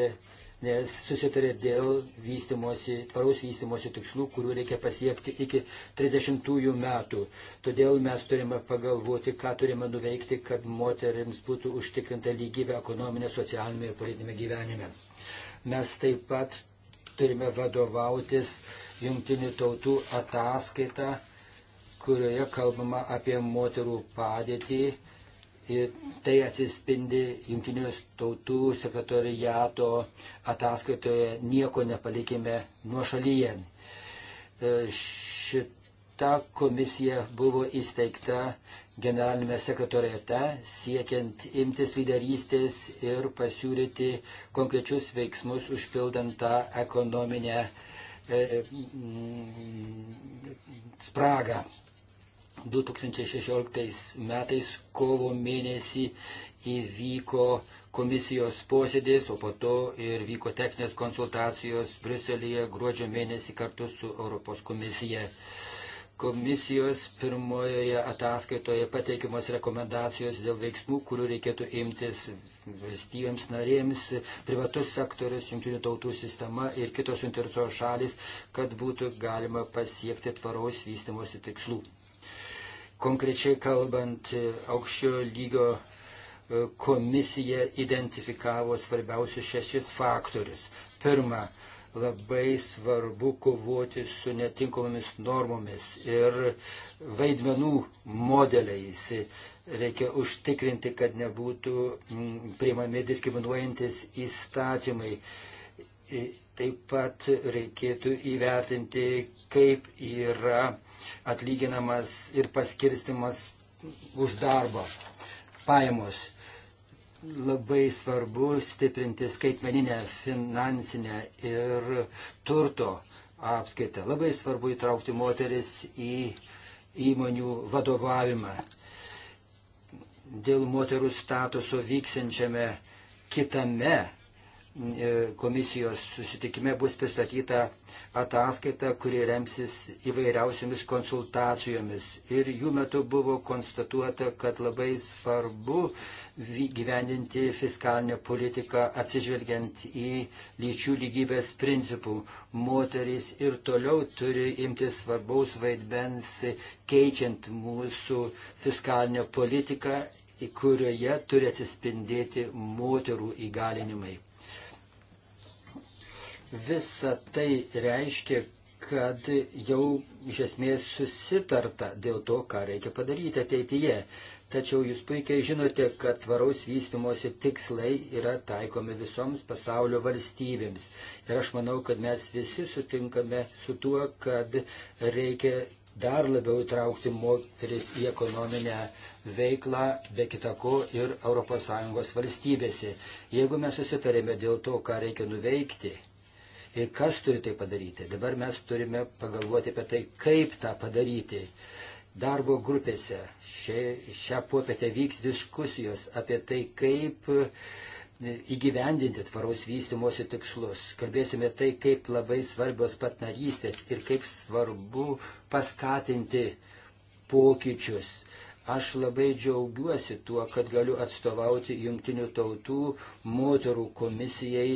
nes susitarė dėl vystimosi, tvaraus vystimosi tikslų, kurių reikia pasiekti iki 30 metų. Todėl mes turime pagalvoti, ką turime nuveikti, kad moteriams būtų užtikrinta lygybė ekonominė, socialinė ir politinė gyvenime. Mes taip pat turime vadovautis jungtinių tautų ataskaita, kurioje kalbama apie moterų padėtį Ir tai atsispindi jungtinių tautų sekretoriato ataskaitoje, nieko nepalikime nuo šalyje. E, šita komisija buvo įsteigta generalinėme sekretoriate, siekiant imtis lyderystės ir pasiūlyti konkrečius veiksmus užpildant tą ekonominę e, e, spragą. 2016 metais kovo mėnesį įvyko komisijos posėdis, o po to ir vyko techninės konsultacijos Bruselėje gruodžio mėnesį kartu su Europos komisija. Komisijos pirmojoje ataskaitoje pateikimos rekomendacijos dėl veiksmų, kurių reikėtų imtis valstybėms narėms, privatus sektorius, jungtinių tautų sistema ir kitos interesuotos šalis, kad būtų galima pasiekti tvaraus vystimosi tikslų. Konkrečiai kalbant, aukščio lygio e, komisija identifikavo svarbiausius šešis faktorius. Pirma, labai svarbu kovoti su netinkamomis normomis ir vaidmenų modeliais. Reikia užtikrinti, kad nebūtų priimami diskriminuojantis įstatymai. Taip pat reikėtų įvertinti, kaip yra atlyginamas ir paskirstimas už darbą. Pajamos. Labai svarbu stiprinti skaitmeninę, finansinę ir turto apskaitą. Labai svarbu įtraukti moteris į įmonių vadovavimą. Dėl moterų statuso vyksiančiame kitame E, komisijos susitikime bus pristatyta ataskaita, kuri remsis įvairiausiamis konsultacijomis. Ir jų metu buvo konstatuota, kad labai svarbu gyvendinti fiskalinę politiką atsižvelgiant į lyčių lygybės principų. Moterys ir toliau turi imti svarbaus vaidmens keičiant mūsų fiskalinę politiką kurioje turi atsispindėti moterų įgalinimai. Visa tai reiškia, kad jau iš esmės susitarta dėl to, ką reikia padaryti ateityje. Tačiau jūs puikiai žinote, kad tvaraus vystimosi tikslai yra taikomi visoms pasaulio valstybėms. Ir aš manau, kad mes visi sutinkame su tuo, kad reikia dar labiau įtraukti moteris į ekonominę veiklą, be kitako ir ES valstybėse. Jeigu mes susitarėme dėl to, ką reikia nuveikti, ir kas turi tai padaryti. Dabar mes turime pagalvoti apie tai, kaip tą padaryti. Darbo grupėse šią, šią popietę vyks diskusijos apie tai, kaip e, įgyvendinti tvaraus vystimosi tikslus. Kalbėsime tai, kaip labai svarbios partnerystės ir kaip svarbu paskatinti pokyčius. Aš labai džiaugiuosi tuo, kad galiu atstovauti Junktinių tautų moterų komisijai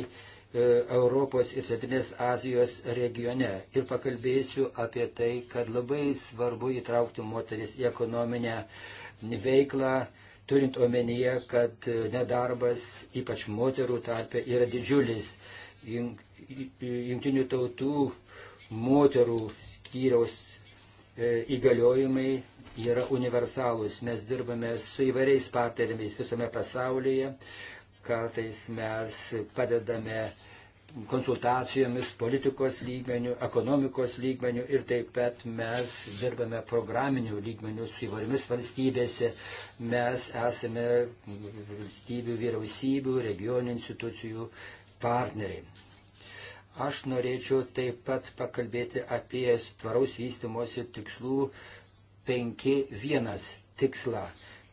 E, Europos ir Centrinės Azijos regione. Ir pakalbėsiu apie tai, kad labai svarbu įtraukti moteris į ekonominę veiklą, turint omenyje, kad e, nedarbas, ypač moterų tarpe, yra didžiulis. Junktinių tautų moterų skyriaus e, įgaliojimai yra universalūs. Mes dirbame su įvairiais partneriais visame pasaulyje Kartais mes padedame konsultacijomis politikos lygmenių, ekonomikos lygmenių ir taip pat mes dirbame programinių lygmenių su įvairiomis valstybėse. Mes esame valstybių, vyriausybių, regionių institucijų partneriai. Aš norėčiau taip pat pakalbėti apie tvaraus vystimosi tikslų 5.1 tikslą,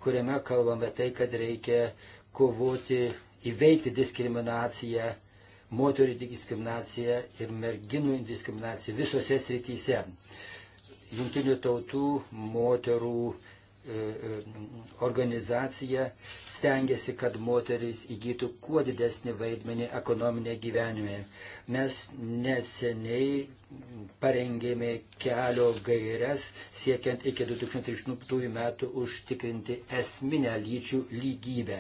kuriame kalbame tai, kad reikia kovoti, įveikti diskriminaciją, moterį diskriminaciją ir merginų diskriminaciją visose srityse. Jungtinių tautų moterų E, e, organizacija stengiasi, kad moteris įgytų kuo didesnį vaidmenį ekonominė gyvenime. Mes neseniai parengėme kelio gairias, siekiant iki 2030 metų užtikrinti esminę lyčių lygybę.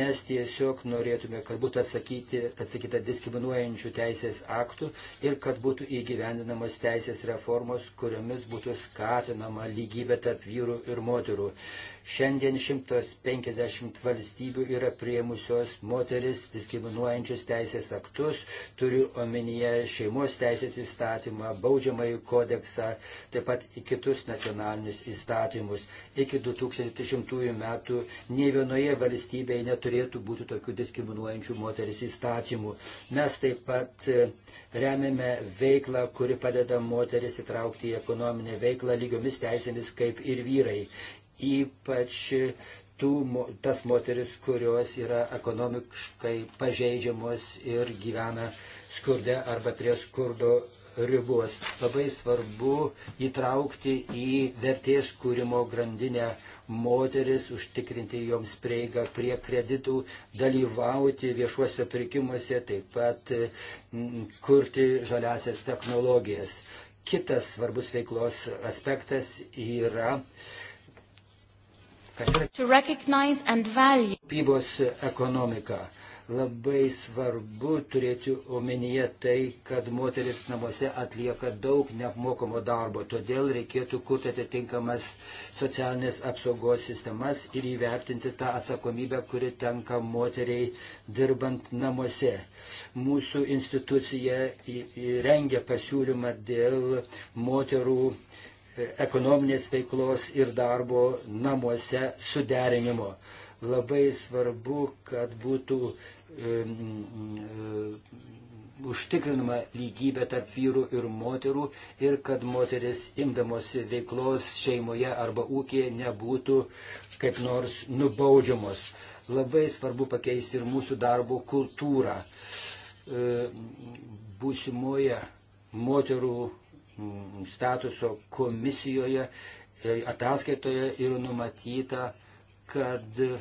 Mes tiesiog norėtume, kad būtų atsakyti, atsakyta diskriminuojančių teisės aktų ir kad būtų įgyvendinamos teisės reformos, kuriomis būtų skatinama lygybė tarp vyrų ir moterų moterų moterų. Šiandien 150 valstybių yra prieimusios moteris diskriminuojančius teisės aktus, turiu omenyje šeimos teisės įstatymą, baudžiamąjį kodeksą, taip pat kitus nacionalinius įstatymus. Iki 2030 metų ne vienoje valstybėje neturėtų būti tokių diskriminuojančių moteris įstatymų. Mes taip pat e, remiame veiklą, kuri padeda moteris įtraukti į ekonominę veiklą lygiomis teisėmis kaip ir vyrai ypač tų, tas moteris, kurios yra ekonomiškai pažeidžiamos ir gyvena skurde arba prie skurdo ribos. Labai svarbu įtraukti į vertės kūrimo grandinę moteris, užtikrinti joms prieigą prie kreditų, dalyvauti viešuose pirkimuose, taip pat kurti žaliasias technologijas. Kitas svarbus veiklos aspektas yra uh, Pybos ekonomika. Labai svarbu turėti omenyje tai, kad moteris namuose atlieka daug neapmokamo darbo. Todėl reikėtų kurti atitinkamas socialinės apsaugos sistemas ir įvertinti tą atsakomybę, kuri tenka moteriai dirbant namuose. Mūsų institucija rengia pasiūlymą dėl moterų E, ekonominės veiklos ir darbo namuose suderinimo. Labai svarbu, kad būtų um, užtikrinama lygybė tarp vyrų ir moterų ir kad moteris imdamosi veiklos šeimoje arba ūkėje nebūtų kaip nors nubaudžiamos. Labai svarbu pakeisti ir mūsų darbo kultūrą. E, būsimoje moterų statuso komisijoje e, ataskaitoje ir numatyta, kad e,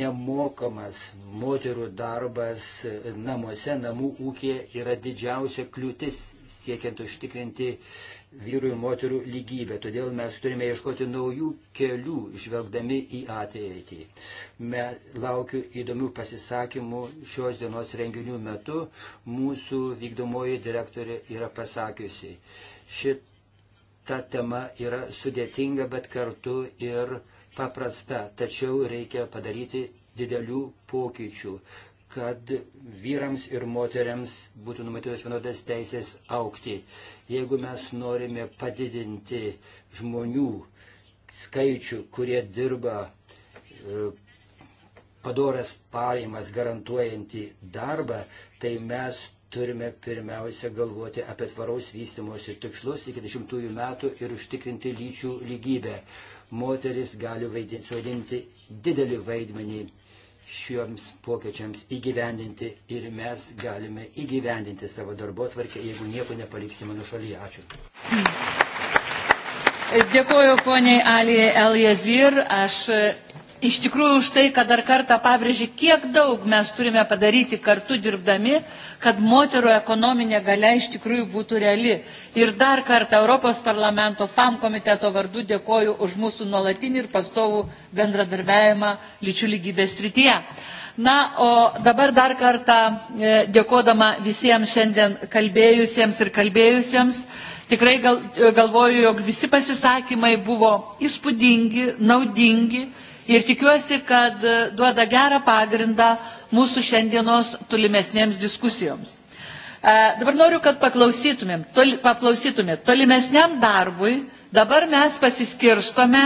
nemokamas moterų darbas namuose, namų ūkė yra didžiausia kliūtis siekiant užtikrinti vyrų ir moterų lygybę. Todėl mes turime ieškoti naujų kelių, žvelgdami į ateitį. Me, laukiu įdomių pasisakymų šios dienos renginių metu. Mūsų vykdomoji direktorė yra pasakiusi. Šita tema yra sudėtinga, bet kartu ir paprasta. Tačiau reikia padaryti didelių pokyčių kad vyrams ir moteriams būtų numatytos vienodas teisės aukti. Jeigu mes norime padidinti žmonių skaičių, kurie dirba e, padoras pajamas garantuojantį darbą, tai mes turime pirmiausia galvoti apie tvaraus vystimosi tikslus iki 10 metų ir užtikrinti lyčių lygybę. Moteris gali vaidinti, suvaidinti didelį vaidmenį šioms pokyčiams įgyvendinti ir mes galime įgyvendinti savo darbo tvarkę, jeigu nieko nepaliksime nuo šalyje. Ačiū. Dėkuoju poniai Alijai Eliezir. Aš iš tikrųjų už tai, kad dar kartą pabrėžė, kiek daug mes turime padaryti kartu dirbdami, kad moterų ekonominė galia iš tikrųjų būtų reali. Ir dar kartą Europos parlamento FAM komiteto vardu dėkoju už mūsų nuolatinį ir pastovų bendradarbiavimą lyčių lygybės srityje. Na, o dabar dar kartą e, dėkodama visiems šiandien kalbėjusiems ir kalbėjusiems, tikrai gal, e, galvoju, jog visi pasisakymai buvo įspūdingi, naudingi ir tikiuosi, kad e, duoda gerą pagrindą mūsų šiandienos tolimesnėms diskusijoms. E, dabar noriu, kad paklausytumėm, toli, paklausytumėm tolimesniam darbui, dabar mes pasiskirstome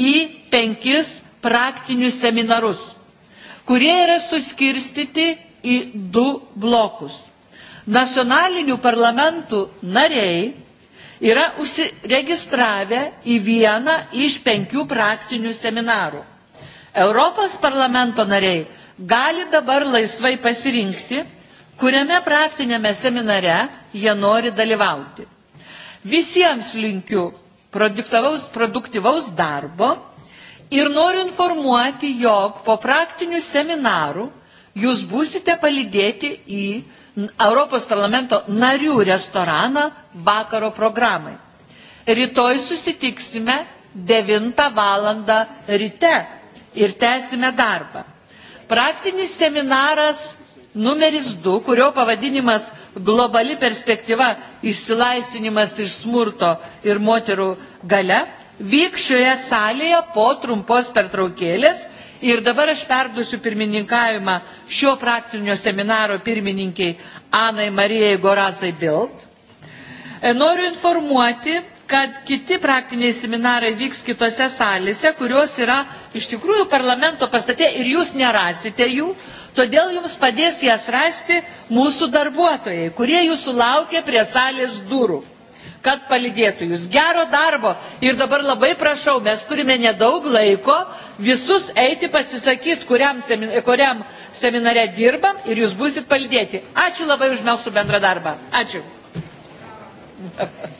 į penkis praktinius seminarus, kurie yra suskirstyti į du blokus. Nacionalinių parlamentų nariai yra užsiregistravę į vieną iš penkių praktinių seminarų. Europos parlamento nariai gali dabar laisvai pasirinkti, kuriame praktinėme seminare jie nori dalyvauti. Visiems linkiu produktyvaus, produktyvaus darbo ir noriu informuoti, jog po praktinių seminarų jūs būsite palydėti į Europos parlamento narių restoraną vakaro programai. Rytoj susitiksime 9 val. ryte ir tęsime darbą. Praktinis seminaras numeris 2, kurio pavadinimas globali perspektyva išsilaisvinimas iš smurto ir moterų gale, vyks šioje salėje po trumpos pertraukėlės ir dabar aš perduosiu pirmininkavimą šio praktinio seminaro pirmininkiai Anai Marijai Gorazai Bild. E, noriu informuoti, kad kiti praktiniai seminarai vyks kitose salėse, kurios yra iš tikrųjų parlamento pastate ir jūs nerasite jų, todėl jums padės jas rasti mūsų darbuotojai, kurie jūsų laukia prie salės durų kad palidėtų jūs. Gero darbo ir dabar labai prašau, mes turime nedaug laiko visus eiti pasisakyti, kuriam, semin kuriam seminare dirbam ir jūs busit palidėti. Ačiū labai už mūsų bendrą darbą. Ačiū.